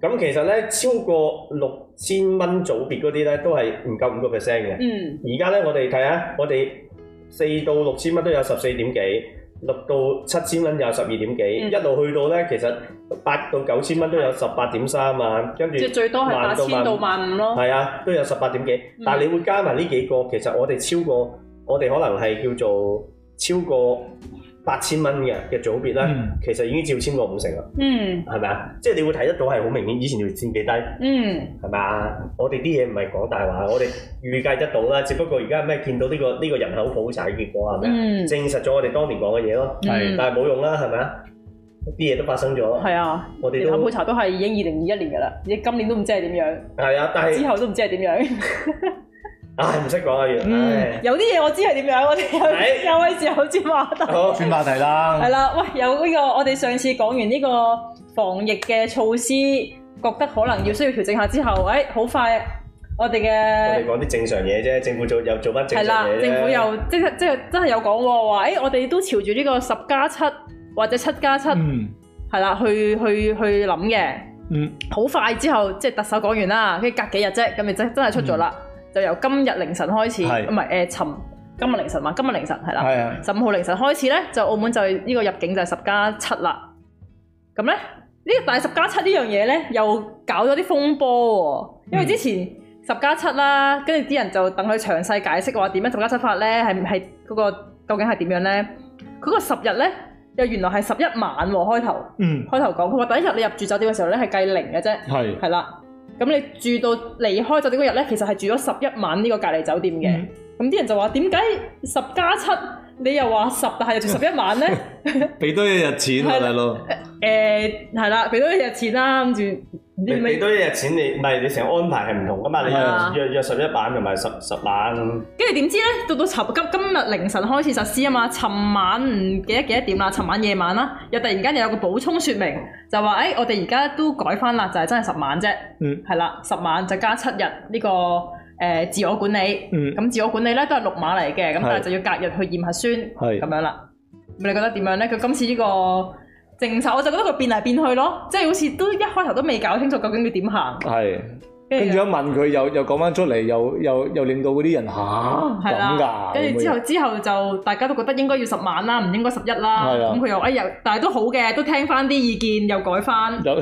咁、嗯、其實咧超過六千蚊組別嗰啲咧都係唔夠五個 percent 嘅。而家咧我哋睇下我哋四到六千蚊都有十四點幾。六到七千蚊有十二點幾，嗯、一路去到呢，其實八到九千蚊都有十八點三啊，就是、跟住着 最多係萬到萬五咯，係啊，都有十八點幾。嗯、但係你會加埋呢幾個，其實我哋超過，我哋可能係叫做超過。八千蚊嘅嘅組別咧，嗯、其實已經照超過五成啦，係咪啊？即係、就是、你會睇得到係好明顯，以前條線幾低，係咪啊？我哋啲嘢唔係講大話，我哋預計得到啦。只不過而家咩見到呢、這個呢、這個人口普查嘅結果係咪啊？嗯、證實咗我哋當年講嘅嘢咯，係、嗯，但係冇用啦，係咪啊？啲嘢都發生咗，係啊，我哋人口普查都係已經二零二一年㗎啦，而今年都唔知係點樣，係啊，但係之後都唔知係點樣。 唉，唔識講啊！原來嗯，有啲嘢我知係點樣。我哋唉有位置有好轉話題，好轉話題啦。係啦，喂，有呢、呢個我哋上次講完呢個防疫嘅措施，覺得可能要需要調整下之後，誒、嗯，好、哎、快我哋嘅我哋講啲正常嘢啫，政府做又做乜正常嘢啦，政府又即係即係真係有講喎，話誒，我哋都朝住呢個十加七或者七加七，7, 嗯，係啦，去去去諗嘅，嗯，好快之後即係特首講完啦，跟住隔幾日啫，咁咪真真係出咗啦。嗯就由今日凌晨開始，唔係誒，尋今日凌晨嘛，今日凌晨係啦係呀，十五號凌晨開始咧，就澳門就係呢個入境就係十加七啦。咁咧呢個大十加七呢樣嘢咧，又搞咗啲風波喎。因為之前十加七啦，跟住啲人就等佢詳細解釋話點樣十加七法咧，係係嗰個究竟係點樣咧？嗰個十日咧又原來係十一晚喎，開頭，開頭講佢話第一日你入住酒店嘅時候咧係計零嘅啫，係係啦。咁你住到離開就嗰個日呢？其實係住咗十一晚呢個隔離酒店嘅。咁啲、嗯、人就話點解十加七？你又話十，但係又十一晚咧？俾多一日錢咪得咯。誒， 係、欸、啦，俾多一日錢啦，咁住。俾多一日錢你，唔係你成個安排係唔同噶嘛？你是的 約約十一晚同埋十十晚。跟住點知咧？到到籌急今日凌晨開始實施啊嘛！尋晚唔記得幾多點啦？尋晚夜晚啦，又突然間又有個補充說明，就話誒、哎，我哋而家都改翻啦，就係、是、真係十晚啫。嗯。係啦，十晚就加七日呢個。誒自我管理，咁、嗯、自我管理咧都係綠碼嚟嘅。咁是 但係就要隔日去驗核酸咁樣啦。咁你覺得點樣咧？佢今次呢個政策，我就覺得佢變嚟變去咯，即、就、係、是、好似都一開頭都未搞清楚究竟佢點行。跟住一問佢，又又講翻出嚟，又又又令到嗰啲人嚇咁噶。跟住之後之後就大家都覺得應該要十萬啦，唔應該十一啦。咁佢又誒又，但係都好嘅，都聽翻啲意見，又改翻，又又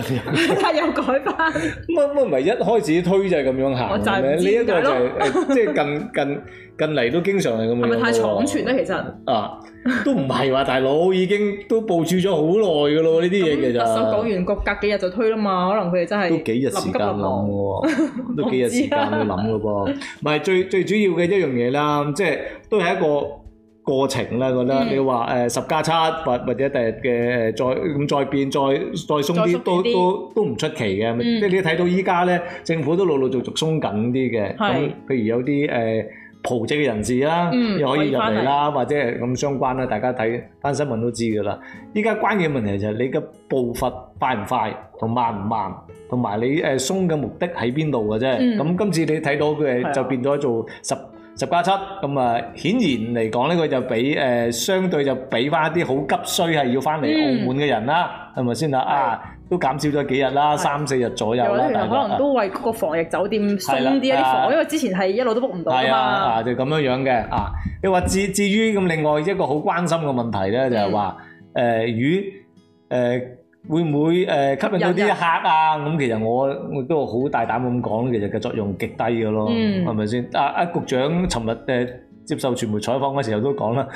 改翻。乜乜唔係一開始推就係咁樣行？我就係唔知㗎咯。即係近近近嚟都經常係咁樣嘅情況。係咪太倉促咧？其實啊，都唔係話大佬已經都部署咗好耐㗎咯，呢啲嘢其實特首講完，隔隔幾日就推啦嘛。可能佢哋真係都幾日時間咯。 都幾有時間去諗噶噃，唔係。 最最主要嘅一樣嘢啦，即係都係一個過程啦。我覺得你話誒十加七或或者第日嘅誒再咁再變再再鬆啲都都都唔出奇嘅。嗯、即係你睇到依家咧，的政府都陸陸續續鬆緊啲嘅。咁的譬如有啲誒、呃、葡籍嘅人士啦，又、嗯、可以入嚟啦，或者係咁相關啦。大家睇翻新聞都知噶啦。依家關鍵問題就係你嘅步伐。快唔快同慢唔慢，同埋你誒鬆嘅目的喺邊度嘅啫？咁今次你睇到佢就變咗做十十加七咁啊，顯然嚟講呢佢就比誒相對就比翻一啲好急需係要翻嚟澳門嘅人啦，係咪先啦？啊，都減少咗幾日啦，三四日左右，可能都為嗰個防疫酒店鬆啲一啲房，因為之前係一路都 book 唔到啊啊，就咁樣樣嘅啊。你話至至於咁，另外一個好關心嘅問題咧，就係話誒與誒。會唔會誒吸引到啲客啊？咁其實我我都好大膽咁講咧，其實嘅作用極低嘅咯，係咪先？啊啊！局長尋日誒接受傳媒採訪嘅時候都講啦，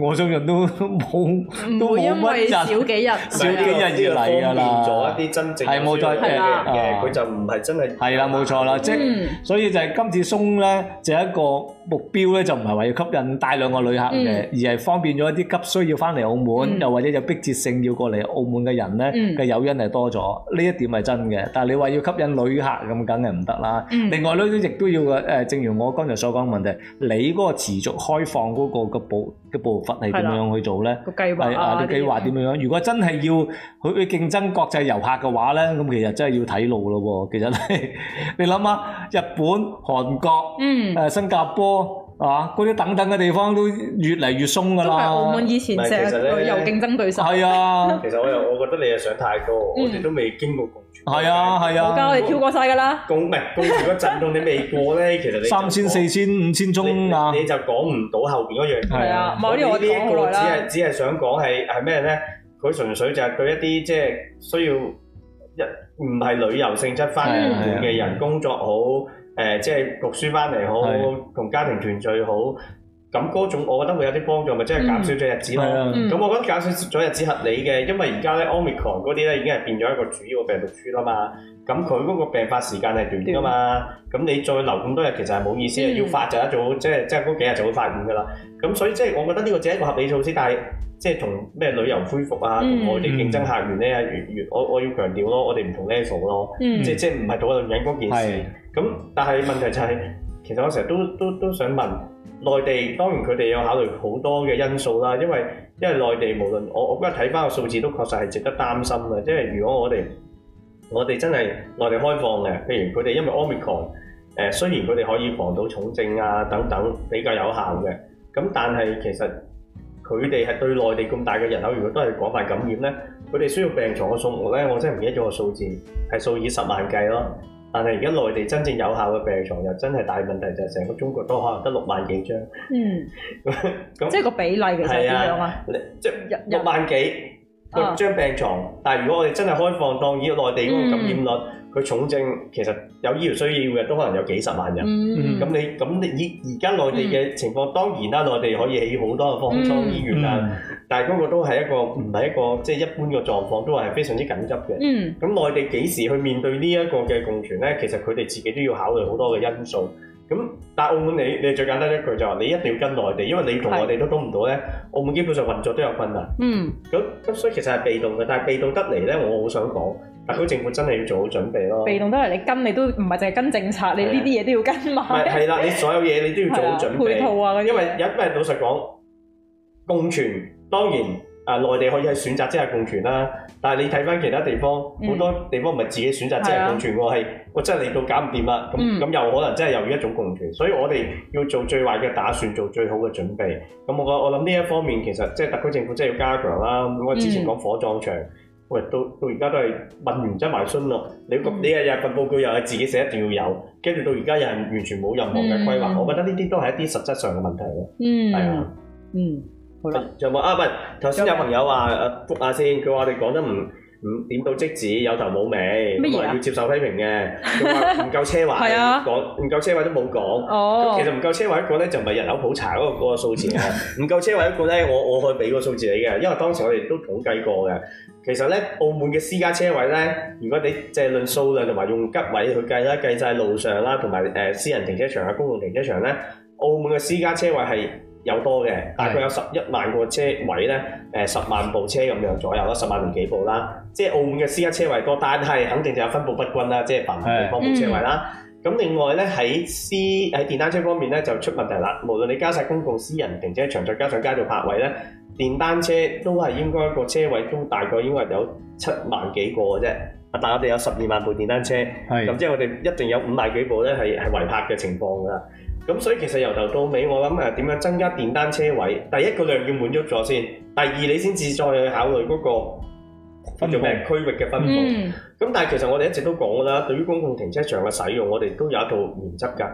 我相信都冇，都冇乜。少幾日，少幾日要嚟噶啦，冇在做一啲真正專業嘅嘢，佢就唔係真係。係啦，冇錯啦，即係所以就係今次鬆咧，就係一個。目標咧就唔係話要吸引大量嘅旅客嘅，嗯、而係方便咗一啲急需要翻嚟澳門，嗯、又或者有迫切性要過嚟澳門嘅人咧嘅誘因係多咗，呢一點係真嘅。但係你話要吸引旅客咁，梗係唔得啦。嗯、另外咧亦都要誒，正如我剛才所講問題，你嗰個持續開放嗰個保嘅步伐係點樣去做咧？個計劃啊，個計劃點樣？如果真係要佢去競爭國際遊客嘅話咧，咁其實真係要睇路咯喎。其實你你諗下，日本、韓國、誒新加坡。嗯啊！嗰啲等等嘅地方都越嚟越鬆噶啦，都係澳門以前即係有競爭對手。係啊，其實我又我覺得你又想太多，我哋都未經過共存。係啊係啊，我哋跳過晒噶啦。共唔係共存嗰陣，你未過咧，其實你三千四千五千宗啊，你就講唔到後邊嗰樣。係啊，唔好我呢只係只係想講係係咩咧？佢純粹就係對一啲即係需要一唔係旅遊性質翻嘅人工作好。誒，即係讀書翻嚟好，同家庭團聚好，咁嗰種，我覺得會有啲幫助，咪即係減少咗日子咯。咁我覺得減少咗日子合理嘅，因為而家咧，Omicron 嗰啲咧已經係變咗一個主要嘅病毒株啦嘛。咁佢嗰個病發時間係短㗎嘛。咁你再留咁多日，其實係冇意思嘅。要發就一早，即係即係嗰幾日就會發完㗎啦。咁所以即係我覺得呢個只係一個合理措施，但係即係同咩旅遊恢復啊，同我哋競爭客源咧，越越我我要強調咯，我哋唔同 level 咯，即即係唔係討論緊嗰件事。咁，但係問題就係、是，其實我成日都都都想問內地，當然佢哋有考慮好多嘅因素啦。因為因為內地無論我我而家睇翻個數字，都確實係值得擔心嘅。即係如果我哋我哋真係內地開放嘅，譬如佢哋因為 Omicron，誒雖然佢哋可以防到重症啊等等比較有效嘅，咁但係其實佢哋係對內地咁大嘅人口，如果都係廣泛感染咧，佢哋需要病床嘅數目咧，我真係唔記得咗個數字，係數以十萬計咯。但係而家內地真正有效嘅病床又真係大問題，就成、係、個中國都可能得六萬幾張。嗯，咁 那即係個比例其實點樣啊？即係六,六萬幾、啊、張病床。但係如果我哋真係開放當，以內地嗰個感染率。嗯佢重症其實有醫療需要嘅都可能有幾十萬人，咁、嗯、你咁你而而家內地嘅情況、嗯、當然啦，內地可以起好多嘅方艙醫院啦，嗯、但係嗰個都係一個唔係一個即係、就是、一般嘅狀況，都係非常之緊急嘅。咁、嗯、內地幾時去面對呢一個嘅共存呢？其實佢哋自己都要考慮好多嘅因素。咁但係澳門你你最簡單一句就話你一定要跟內地，因為你同我哋都供唔到呢。是澳門基本上運作都有困難。咁咁、嗯嗯嗯、所以其實係被動嘅，但係被動得嚟呢，我好想講。特區政府真係要做好準備咯。被動都係你跟，你都唔係淨係跟政策，的你呢啲嘢都要跟埋。唔係係啦，你所有嘢你都要做好準備。 配套啊，因為因為老實講，共存當然啊、呃，內地可以係選擇即係共存啦。但係你睇翻其他地方，好、嗯、多地方唔係自己選擇即係共存喎，係、嗯、我真係嚟到搞唔掂啦。咁咁、嗯、又可能真係由於一種共存，所以我哋要做最壞嘅打算，做最好嘅準備。咁我我諗呢一方面其實即係特區政府真係要加強啦。咁我之前講火葬場。嗯喂，到到而家都係問完即埋信咯。你你日日份報告又係自己寫，一定要有。跟住到而家又係完全冇任何嘅規劃，嗯、我覺得呢啲都係一啲實質上嘅問題咯。嗯，係啊的，嗯，好啦。仲有冇啊？喂、啊，係頭先有朋友話誒復下先，佢話我哋講得唔？嗯唔，點到即止，有頭冇尾，我係麼要接受批評嘅。唔，話唔夠車位，唔 夠車位都冇講。哦，其實唔夠車位一個呢，就唔係人口普查嗰個數字啊，唔 夠車位一個呢，我我可以俾個數字你嘅，因為當時我哋都統計過嘅。其實呢，澳門嘅私家車位呢，如果你即係論數量同埋用吉位去計啦，計晒路上啦，同埋誒私人停車場啊、公共停車場呢，澳門嘅私家車位係。有多嘅，大概有十一萬個車位呢，誒、呃、十萬部車咁樣左右啦，十萬零幾部啦。即係澳門嘅私家車位多，但係肯定就有分佈不均啦，即係百萬嘅公共車位啦。咁、嗯、另外呢，喺私喺電單車方面呢，就出問題啦。無論你加晒公共、私人停車場，再加上街道泊位呢，電單車都係應該個車位都大概應該有七萬幾個嘅啫。但係我哋有十二萬部電單車，咁是的 即係我哋一定有五萬幾部呢係係違泊嘅情況㗎喇。咁所以其實由頭到尾，我諗誒點樣增加電單車位？第一個量要滿足咗先，第二你先至再去考慮嗰、那個咩、嗯、區域嘅分布。咁、嗯、但係其實我哋一直都講啦，對於公共停車場嘅使用，我哋都有一套原則㗎。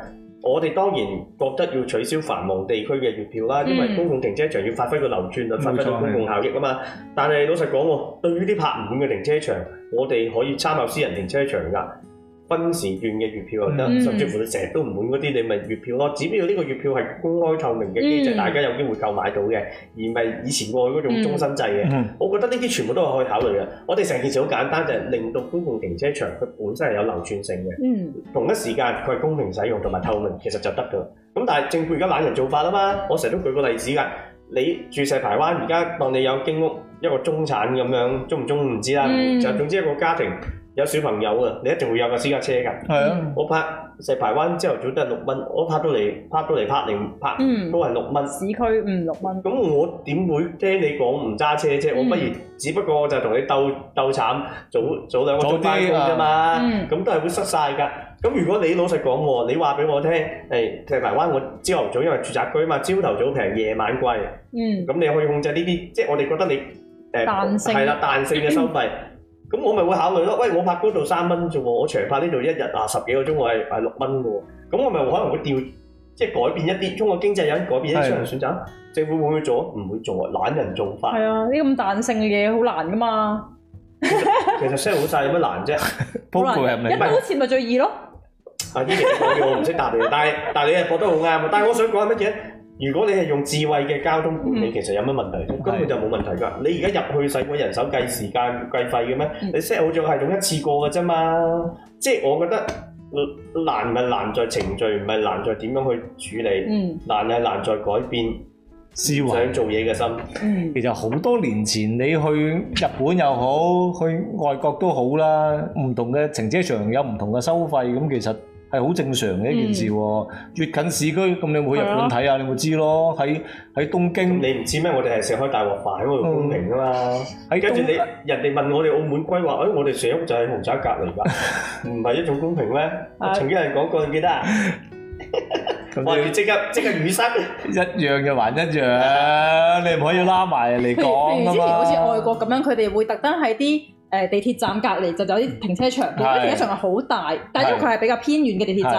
我哋當然覺得要取消繁忙地區嘅月票啦，因為公共停車場要發揮個流轉率、嗯、發揮到公共效益啊嘛。嗯、但係老實講喎，對於啲泊唔滿嘅停車場，我哋可以參考私人停車場㗎。分時段嘅月票又得，甚至乎你成日都唔滿嗰啲，你咪月票咯。嗯、只不過呢個月票係公開透明嘅機制，嗯、大家有機會購買到嘅，而唔係以前過去嗰種終身制嘅。嗯、我覺得呢啲全部都係可以考慮嘅。我哋成件事好簡單，就係令到公共停車場佢本身係有流轉性嘅，嗯、同一時間佢係公平使用同埋透明，其實就得噶啦。咁但係政府而家懶人做法啦嘛，我成日都舉個例子㗎。你住石排灣，而家當你有經屋一個中產咁樣，中唔中唔知啦、嗯，就總之一個家庭。有小朋友嘅，你一定會有個私家車㗎。係啊、嗯，我拍石排灣朝頭早都係六蚊，我拍到嚟，拍到嚟，拍嚟拍，都係六蚊。市區五六蚊。咁我點會聽你講唔揸車啫？嗯、我不如，只不過就同你鬥鬥慘，早早兩個班早班工啫嘛。嗯，咁都係會塞晒㗎。咁如果你老實講喎，你話俾我聽，誒、欸、石排灣我朝頭早因為住宅區啊嘛，朝頭早平夜晚貴。嗯。咁你可以控制呢啲，即係我哋覺得你誒係啦彈性嘅收費。 咁我咪會考慮咯，喂，我拍嗰度三蚊啫喎，我長拍呢度一日啊十幾個鐘，我係係六蚊嘅喎，咁我咪可能會調，即係改變一啲，通過經濟人改變一啲人選擇，政府是的 會唔會做？唔會做啊，懶人做法。係啊，呢咁彈性嘅嘢好難噶嘛 。其實 set 好晒，有乜難啫？鋪鋪係咪？一筆錢咪最易咯。阿依明講嘅我唔識答你，但係但係你係覺得好啱，但係我想講係乜嘢？如果你係用智慧嘅交通管理，嗯、其實有乜問題？根本就冇問題㗎。你而家入去使鬼人手計時間計費嘅咩？你 set 好就係用一次過㗎啫嘛。即係我覺得難係難在程序，唔係難在點樣去處理。嗯、難係難在改變思維、慧想做嘢嘅心。嗯、其實好多年前你去日本又好，去外國都好啦，唔同嘅停車場有唔同嘅收費，咁其實，係好正常嘅一件事喎，越近市區咁你會去日本睇啊，你會知咯。喺喺東京，你唔知咩？我哋係食開大鑊飯喺嗰度公平噶嘛。跟住你人哋問我哋澳門規劃，誒我哋社屋就喺豪宅隔離㗎，唔係一種公平咩？曾經有人講過，你記得？哇！你即刻即係雨濕，一樣嘅還一樣，你唔可以拉埋嚟講啊嘛。譬如之前好似外國咁樣，佢哋會特登喺啲。誒地鐵站隔離就就有啲停車場，嗰啲停車場係好大，但因為佢係比較偏遠嘅地鐵站，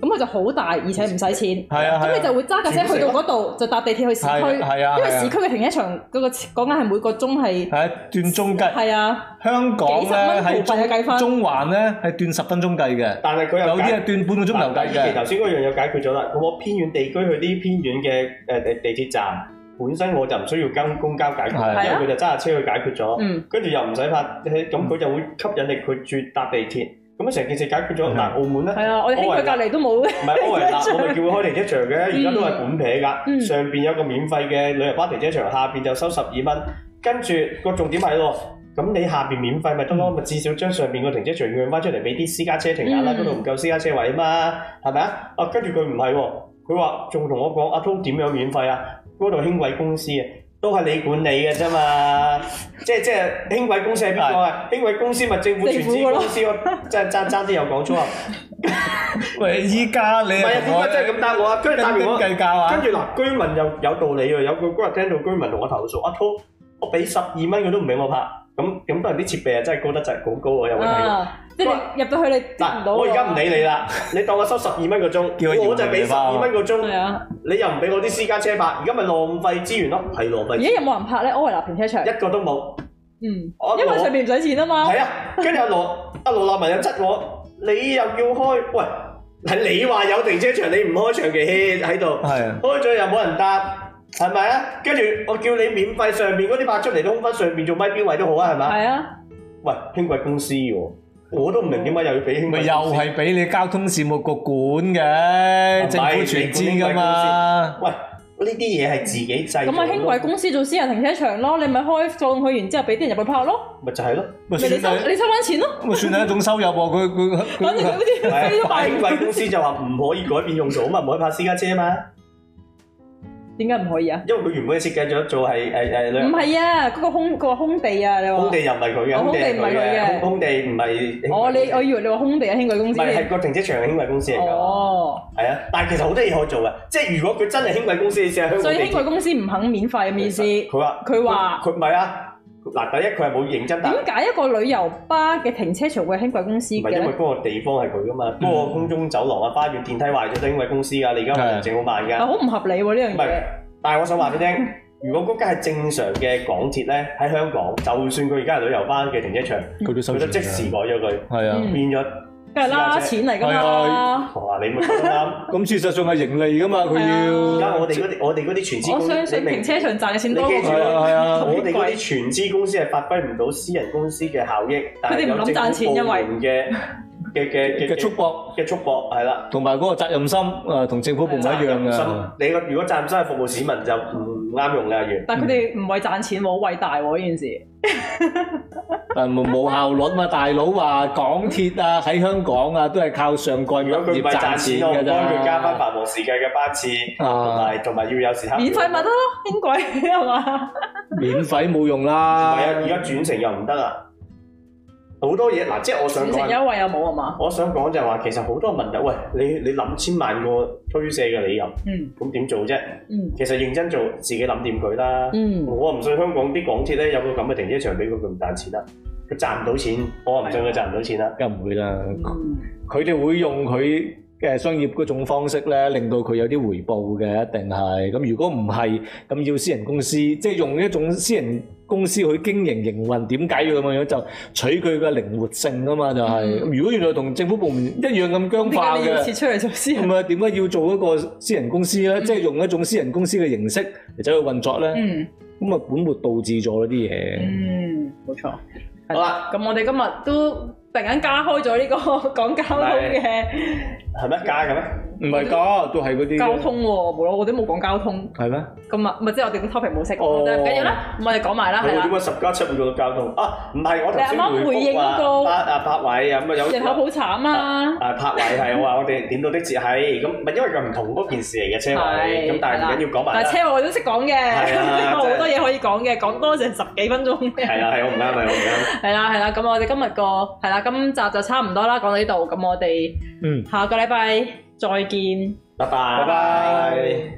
咁佢就好大，而且唔使錢，咁你就會揸架車，去到嗰度就搭地鐵去市區，因為市區嘅停車場嗰個嗰間係每個鐘係係斷鐘計，係啊，香港咧係中環咧係斷十分鐘計嘅，但係佢有有啲係斷半個鐘頭計嘅。頭先嗰樣又解決咗啦，我偏遠地區去啲偏遠嘅誒地鐵站。本身我就唔需要跟公交解決，因為佢就揸下車去解決咗，跟住又唔使怕，咁佢就會吸引力佢住搭地鐵，咁成件事解決咗。嗱，澳門咧，係啊，我哋隔離都冇。唔係，嗱，我哋叫佢開停車場嘅，而家都係半撇噶，上邊有個免費嘅旅遊巴停車場，下邊就收十二蚊。跟住個重點係喎，咁你下邊免費咪得咯，咪至少將上邊個停車場讓翻出嚟俾啲私家車停下啦，嗰度唔夠私家車位啊嘛，係咪啊？啊，跟住佢唔係喎，佢話仲同我講阿聰點樣免費啊？嗰度輕軌公司啊，都係你管理嘅啫嘛， 即係即係輕軌公司係邊個啊？輕軌 公司咪政府全資公司咯，即係爭啲有講錯啊！ 喂，依家你唔係啊？點解跟我 真係咁答我啊？跟住答完我，跟住嗱、啊，居民又有，有道理嘅，有個嗰日聽到居民同我投訴，阿濤，我俾十二蚊佢都唔俾我拍。咁咁多人啲設備啊，真係高得就係好高喎，有冇睇到？即係入到去你跌唔到。嗱，我而家唔理你啦，你當我收十二蚊個鐘，我就俾十二蚊個鐘。你又唔俾我啲私家車泊，而家咪浪費資源咯，係浪費。而家有冇人泊咧？柯文立停車場一個都冇。嗯，因為上面唔使錢啊嘛。係啊，跟住阿羅阿羅立文又窒我，你又叫開，喂，係你話有停車場，你唔開長期喺度，開咗又冇人搭。係咪啊？跟住我叫你免費上邊嗰啲拍出嚟嘅空隙上邊做咪標位都好啊，係嘛？係啊。喂，輕軌公司喎，我都唔明點解又要俾輕軌公司。咪又係俾你交通事務局管嘅，政府全資噶嘛？喂，呢啲嘢係自己製造咯。咁啊，輕軌公司做私人停車場咯，你咪開放佢，然之後俾啲人入去拍咯。咪就係咯，咪你收你收翻錢咯。咁咪算係一種收入喎。佢佢佢。反正嗰啲輕軌公司就話唔可以改變用途啊嘛，唔可以拍私家車啊嘛。點解唔可以、呃呃、啊？因為佢原本設計咗做係誒誒唔係啊！嗰個空嗰、那個、空地啊，你話空地又唔係佢嘅，空地唔係佢嘅，空地唔係。我、哦、你我以為你話空地啊，輕軌公司唔係個停車場嘅，輕軌公司嚟㗎。哦，係啊，但係其實好多嘢可以做嘅，即係如果佢真係輕軌公司嘅意思，試試所以輕軌公司唔肯免費嘅意思。佢話佢話佢唔係啊。嗱，第一佢係冇認真。點解一個旅遊巴嘅停車場會係輕軌公司？唔係因為嗰個地方係佢噶嘛？嗰個、嗯、空中走廊啊、花園、電梯壞咗都係輕軌公司啊，你而家行政好慢㗎，好唔合理喎呢樣嘢。唔不但係我想話俾你聽，嗯、如果嗰間係正常嘅港鐵咧，喺香港，就算佢而家係旅遊巴嘅停車場，佢、嗯、都收、嗯、都即時改咗佢，係啊，變咗。梗係啦，錢嚟噶、啊啊、 嘛？係啊，你唔好諗。咁事實上係盈利噶嘛？佢要而家我哋嗰啲我哋嗰啲全資公司停車場賺嘅錢多係啊，我哋啲全資公司係發揮唔到私人公司嘅效益，佢哋唔諗賺錢因、啊、為，嘅嘅嘅束縛嘅束縛係啦，同埋嗰個責任心啊，同政府部門一樣噶。你如果賺得係服務市民就、嗯。啱用李亞軒，但佢哋唔為賺錢喎，好偉大喎、啊、呢件事。 但冇效率嘛，大佬話港鐵啊喺香港啊都係靠上蓋，如果佢賺錢嘅啫，佢加翻繁忙時間嘅班次，同同埋要有時刻免費咪得咯，輕軌係嘛？ 免費冇用啦，係啊，而家轉乘又唔得啊！好多嘢嗱，即係我想，全程優惠有冇啊嘛？我想講就係話，其實好多問題，喂，你你諗千萬個推卸嘅理由，嗯，咁點做啫？嗯，其實認真做，自己諗掂佢啦。嗯，我唔信香港啲港鐵咧有個咁嘅停車場俾佢佢唔賺錢啦，佢賺唔到錢，我唔信佢賺唔到錢啦。梗唔會啦，佢哋、嗯、會用佢。嘅商業嗰種方式咧，令到佢有啲回報嘅，一定係。咁如果唔係，咁要私人公司，即、就、係、是、用一種私人公司去經營營運，點解要咁樣樣就取佢嘅靈活性啊嘛？就係、是。嗯、如果原來同政府部門一樣咁僵化嘅，要設出嚟做私人公司？點解要做一個私人公司咧？即係、嗯、用一種私人公司嘅形式嚟走去運作咧？咁啊，本末倒置咗啲嘢。嗯，冇、嗯、錯。是好啦吧，咁我哋今日都。突然間加開咗呢個講交通嘅，係咩加嘅咩？唔係噶，都係嗰啲交通喎，冇咯，我哋冇講交通，係咩？咁啊，咪即係我哋個 topic 冇識講嘅，唔緊要啦，我哋講埋啦，係啦。點解十加七會講到交通？啊，唔係我頭先回覆啊，阿柏偉啊，咁啊有，然後好慘啦。阿柏偉係我話我哋點到的節喺咁，咪因為佢唔同嗰件事嚟嘅，車位咁，但係唔緊要講埋啦。車位我都識講嘅，係啊，即係好多嘢可以講嘅，講多成十幾分鐘嘅。係啊，係我唔啱，係我唔啱。係啦，係啦，咁我哋今日個係啦。今集就差唔多啦，講到呢度，咁我哋嗯下個禮拜再見，拜拜拜拜。拜拜拜拜。